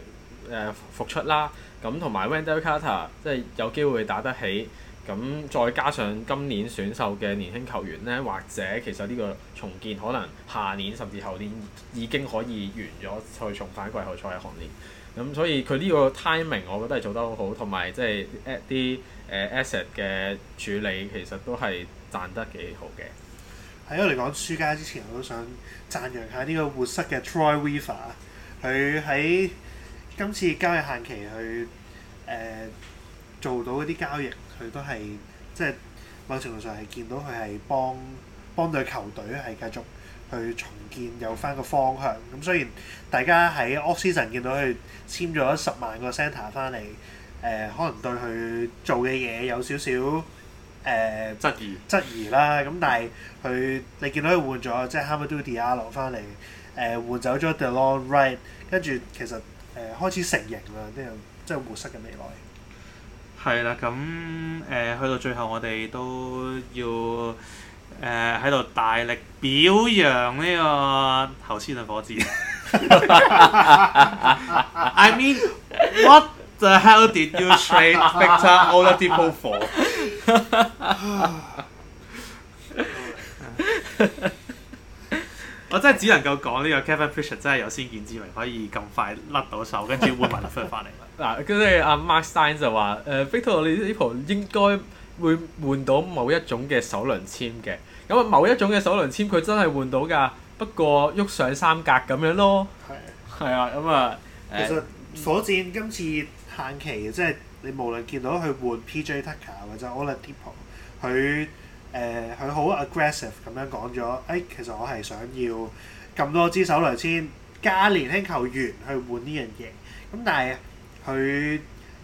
誒復出啦。咁同埋 Wendell Carter 即係有機會打得起。咁再加上今年選秀嘅年輕球員呢，或者其實呢個重建可能下年甚至後年已經可以完咗，再重返季後賽嘅行列。咁所以佢呢個 timing 我覺得係做得好好，同埋即係 at 啲誒 asset 嘅處理其實都係賺得幾好嘅。喺我嚟講，輸家之前我都想讚揚下呢個活塞嘅 Troy Weaver，佢喺今次交易限期去誒、呃做到嗰啲交易，佢都係，即係某程度上係見到佢係幫幫對球隊，係繼續去重建有翻個方向。咁、嗯、雖然大家喺 Oxton 見到佢簽咗十萬個 Center 翻嚟，誒、呃、可能對佢做嘅嘢有少少誒質、呃、疑質疑啦。咁但係佢你見到佢換咗即係 Hamidou Diallo 翻嚟，誒、呃、換走咗 Delon Wright，跟住其實誒、呃、開始成型啦呢人即係活塞嘅未來。係啦，咁誒去到最後，我哋都要誒喺度大力表揚呢個頭先嘅火箭。I mean, what the hell did you trade Victor Oladipo for? 我真係只能夠講呢個 Kevin Prichard 真係有先見之明，可以咁快甩到手，跟住換運翻返嚟。嗱，跟住阿 Mark Stein 就話：誒、呃、，Victor Oladipo 應該會換到某一種嘅首輪籤嘅。咁啊，某一種嘅首輪籤佢真係換到㗎，不過喐上三格咁樣咯。係啊，係啊，咁啊。其實火箭今次限期，即、就、係、是、你無論見到佢換 PJ Tucker 或者 Oladipo，佢誒佢、呃、好 aggressive 咁樣講咗，誒、哎，其實我係想要咁多支首輪籤，加年輕球員去換呢樣嘢。咁但係。佢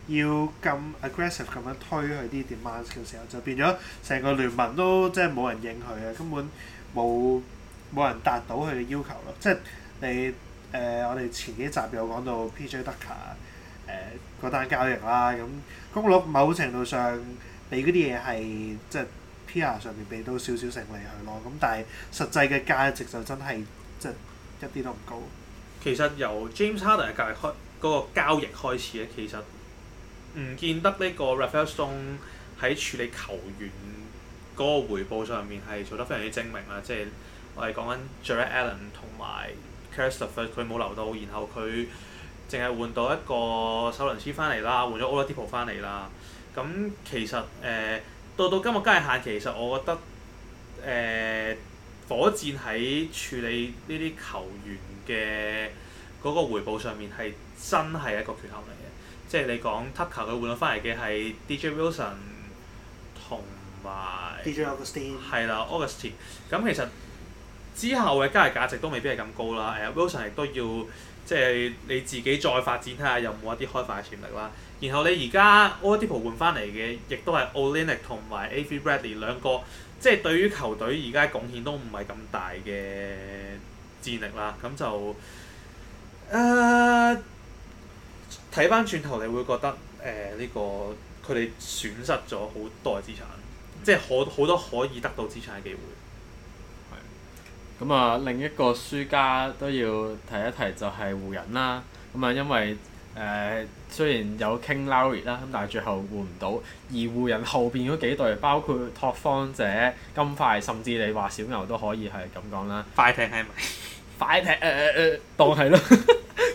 要咁 aggressive 咁樣推佢啲 demand 嘅時候，就變咗成個聯盟都即係冇人應佢啊，根本冇冇人達到佢嘅要求咯。即係你誒、呃，我哋前幾集有講到 PJ Tucker 誒、呃、個單交易啦，咁公鹿某程度上俾嗰啲嘢係即係 PR 上面俾到少少勝利佢咯，咁但係實際嘅價值就真係即係一啲都唔高。其實由 James Harden 嘅交易開。嗰個交易開始咧，其實唔見得呢個 Rafael Stone 喺處理球員嗰個回報上面係做得非常之精明啦。即係我哋講緊 Jarrett Allen 同埋 Caris LeVert，佢冇留到，然後佢淨係換到一個首輪師翻嚟啦，換咗 Oladipo 翻嚟啦。咁、嗯、其實誒、呃、到到今日今日限，其實我覺得誒、呃、火箭喺處理呢啲球員嘅嗰個回報上面係。真係一個缺口嚟嘅，即係你講 Tucker 佢換咗翻嚟嘅係 DJ Wilson 同埋係啦 Augustine，咁其實之後嘅交易價值都未必係咁高啦。誒、啊、Wilson 亦都要即係你自己再發展睇下，有冇一啲開發嘅潛力啦。然後你而家 Oladipo 換翻嚟嘅，亦都係 Olynyk 同埋 Avery Bradley 兩個，即係對於球隊而家貢獻都唔係咁大嘅戰力啦。咁就誒。啊睇翻轉頭，你會覺得誒呢、呃這個佢哋損失咗好多資產，嗯、即係可好多可以得到資產嘅機會、嗯。咁啊，另一個輸家都要提一提就係湖人啦。咁、嗯、啊，因為誒、呃、雖然有傾 Lowry 啦，咁但係最後換唔到。而湖人後邊嗰幾隊，包括拓荒者、金塊，甚至你話小牛都可以係咁講啦。快艇係咪？快艇誒誒誒，當係咯，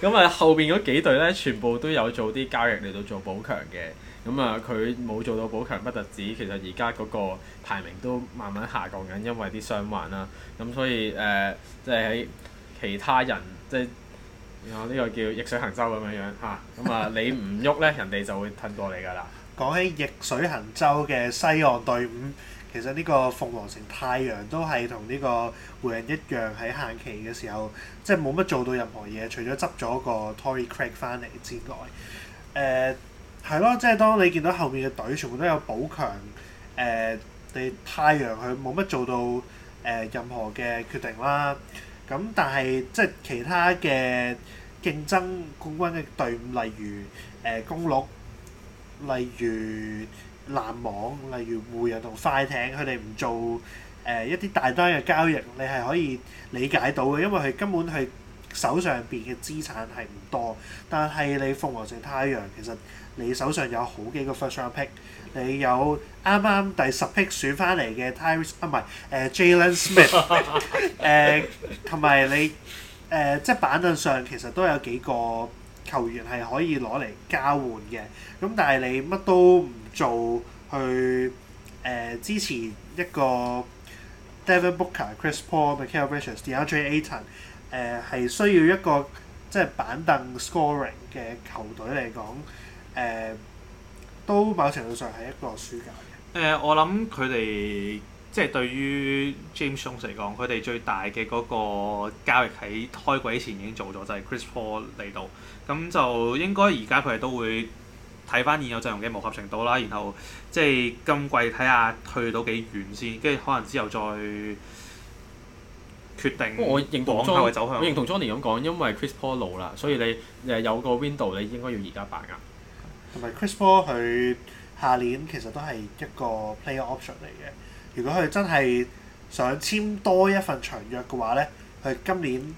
咁啊後邊嗰幾隊呢，全部都有做啲交易嚟到做補強嘅，咁啊佢冇做到補強，不特止，其實而家嗰個排名都慢慢下降緊，因為啲傷患啦，咁所以誒，即係喺其他人即係，呢個叫逆水行舟咁樣樣嚇，咁啊你唔喐呢， 人哋就會吞過你噶啦。講起逆水行舟嘅西岸隊伍。其實呢個鳳凰城太陽都係同呢個湖人一樣，喺限期嘅時候，即係冇乜做到任何嘢，除咗執咗個 Torrey Craig 翻嚟之外，誒係咯，即係當你見到後面嘅隊全部都有補強，誒、呃、你太陽佢冇乜做到誒、呃、任何嘅決定啦，咁但係即係其他嘅競爭冠軍嘅隊伍，例如誒公鹿，例如。籃網，例如湖人同快艇，佢哋唔做誒一啲大單嘅交易，你係可以理解到嘅，因為佢根本佢手上邊嘅資產係唔多。但係你鳳凰城太陽，其實你手上有好幾個 first pick，你有啱啱第十 pick 選翻嚟嘅 Tyris 啊，唔係誒 Jalen Smith 誒，同埋你誒即係板凳上其實都有幾個球員係可以攞嚟交換嘅。咁但係你乜都唔～做去誒支持一個 Devin Booker、Chris Paul、Mikal Bridges、DeAndre Ayton 誒，係需要一個即係板凳 scoring 嘅球隊嚟講誒，都某程度上係一個輸家。誒，我諗佢哋即係對於 James Jones 嚟講，佢哋最大嘅嗰個交易喺開季前已經做咗，就係 Chris Paul 嚟到，咁就應該而家佢哋都會睇翻現有陣容嘅磨合程度啦，然後即係今季睇下去到幾遠先，跟住可能之後再決定。我認同莊，我認同 Johnny 咁講，因為 Chris Paul 老啦，所以你誒有個 window，你應該要而家辦噶。同埋、嗯、是 Chris Paul 佢下年其實都係一個 player option 嚟嘅。如果佢真係想簽多一份長約嘅話咧，佢今年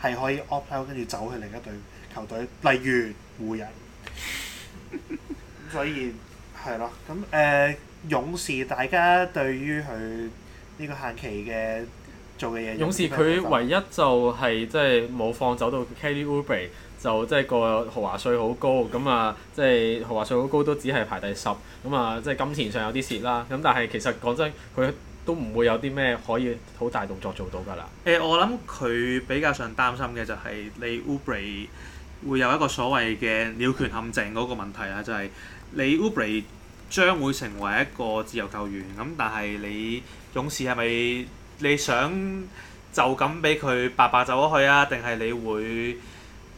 係可以 opt out 跟住走去另一隊球隊，例如湖人。 所以係咯，咁誒、呃、勇士大家對於佢呢個限期嘅做嘅嘢，勇士佢唯一就係即係冇放走到 Kelly Oubre 就即係、就是、個豪華稅好高，咁啊即係、就是、豪華稅好高都只係排第十，咁啊即係、就是、金錢上有啲蝕啦，咁但係其實講真，佢都唔會有啲咩可以好大動作做到㗎啦。誒、欸，我諗佢比較上擔心嘅就係你 Oubre 會有一個所謂嘅鳥權陷阱嗰個問題啊，就係你 Uberi 將會成為一個自由球員咁，但係你勇士係咪你想就咁俾佢白白走咗去啊？定係你會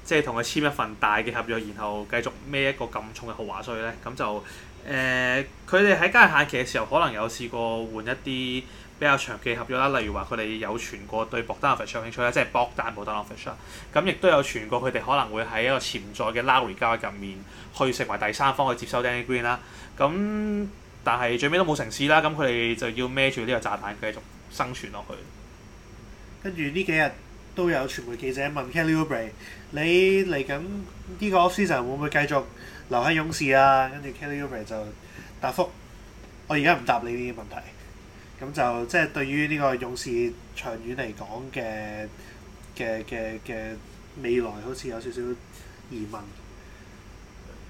即係同佢簽一份大嘅合約，然後繼續孭一個咁重嘅豪華稅呢，咁就誒，佢哋喺交易限期嘅時候，可能有試過換一啲。比較長期合約啦，例如話佢哋有傳過對博丹阿弗尚有興趣啦，即係博丹博丹阿弗尚啦。咁亦都有傳過佢哋可能會喺一個潛在嘅 Lowry 交易入面去成為第三方去接收 Danny Green 啦。咁但係最尾都冇成事啦。咁佢哋就要孭住呢個炸彈繼續生存落去。跟住呢幾日都有傳媒記者問 Kelly Oubre：你嚟緊呢個 offseason 會唔會繼續留喺勇士啊？跟住 Kelly Oubre 就答覆：我而家唔答你呢啲問題。咁就即係、就是、對於呢個勇士長遠嚟講嘅嘅嘅嘅未來，好似有少少疑問。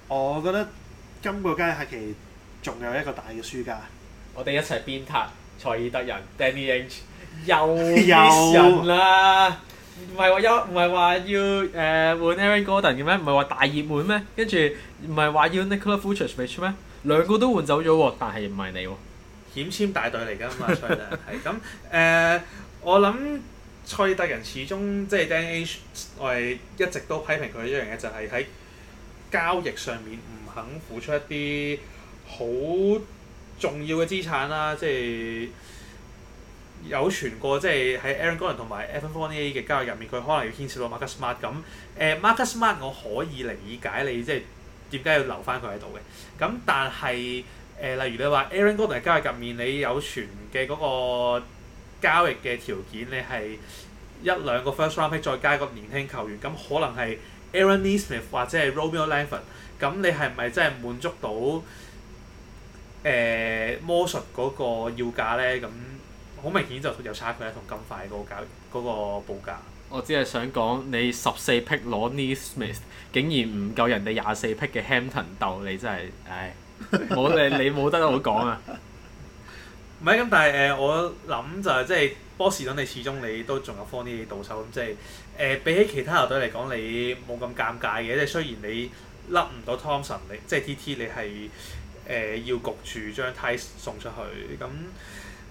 我覺得今個交易期仲有一個大嘅輸家。我哋一齊鞭撻塞爾特人 Danny Ainge 又有人啦！唔係話一唔係話要誒換 Aaron Gordon 嘅咩？唔係話大熱門咩？跟住唔係話要 Nikola Vucevic 咩？兩個都換走咗喎，但係唔係你喎？險簽大隊嚟㗎嘛，所以呢，係咁誒，我諗塞德人始終即係 Danny Ainge，我係一直都批評佢一樣嘢，就係、是、喺交易上面唔肯付出一啲好重要嘅資產啦，即係有傳過即係喺 Aaron Gordon 同埋 Evan Fournier 嘅交易入面，佢可能要牽涉到 Marcus Smart 咁誒、呃、，Marcus Smart 我可以理解你即係點解要留翻佢喺度嘅，咁但係。誒、呃，例如你話 Aaron Gordon 交易入面，你有傳嘅嗰個交易嘅條件，你係一兩個 first round pick 再加一個年輕球員，咁可能係 Aaron Neesmith 或者係 Romeo Langford，咁你係咪真係滿足到誒魔術嗰個要價咧？咁好明顯就有差距啦，同金塊嗰個價嗰、嗰個報價。我只係想講，你十四 pick 攞 Neesmith，竟然唔夠人哋廿四 pick 嘅 Hampton 鬥，你真係唉～冇誒 你冇得我講啊，唔係咁，但係誒、呃、我諗就係、是、即係波士頓，你始終你都仲有 Fournier 到手咁，即係誒比起其他球隊嚟講，你冇咁尷尬嘅。即係雖然你甩唔到湯神，你即係 T T 你係誒、呃、要焗住將 Theis 送出去咁誒、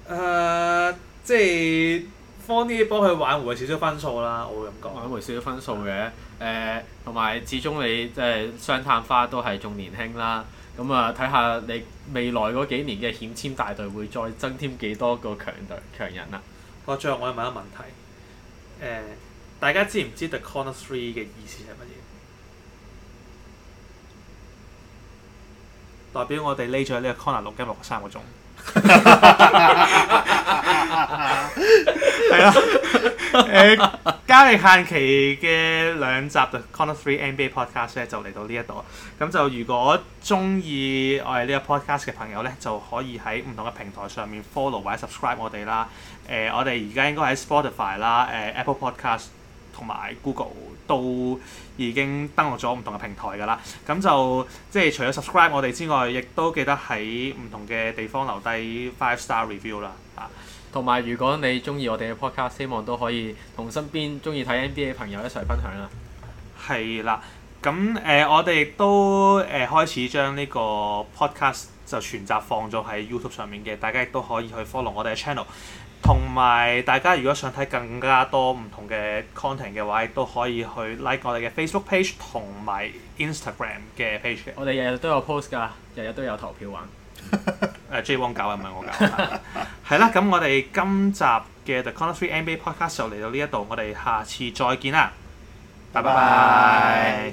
呃，即係 Fournier 幫佢挽回少少分數啦。我會咁講，挽回少少分數嘅誒，同埋始終你即係雙探花都係仲年輕啦。咁啊，睇下、嗯、你未來嗰幾年嘅險簽大隊會再增添幾多個強隊強人，不過、哦、最後我要問一個問題，誒、呃，大家知唔知 The Corner Three 嘅意思係乜嘢？代表我哋匿咗呢個 Corner 六 game 六三個鐘。係啦，誒 交易限期嘅兩集嘅 Corner 3 NBA Podcast 咧，就嚟到呢一度啦。咁就如果中意我哋呢個 Podcast 嘅朋友咧，就可以喺唔同嘅平台上面 follow 或者 subscribe 我哋啦。誒、呃，我哋而家應該喺 Spotify 啦，誒、呃、Apple Podcast 同埋 Google 都已經登錄咗唔同嘅平台噶啦。咁就即係除咗 subscribe 我哋之外，亦都記得喺唔同嘅地方留低 five star review 啦。同埋，如果你中意我哋嘅 podcast，希望都可以同身邊中意睇 NBA 嘅朋友一齊分享啊！係啦，咁誒、呃，我哋都誒、呃、開始將呢個 podcast 就全集放咗喺 YouTube 上面嘅，大家亦都可以去 follow 我哋嘅 channel。同埋，大家如果想睇更加多唔同嘅 content 嘅話，亦都可以去 like 我哋嘅 Facebook page 同埋 Instagram 嘅 page 的嘅。我哋日日都有 post 噶，日日都有投票玩。誒，J 王搞嘅唔係我搞，係啦，咁我哋今集嘅 The Corner Three NBA Podcast 就嚟到呢一度，我哋下次再見啦，拜拜。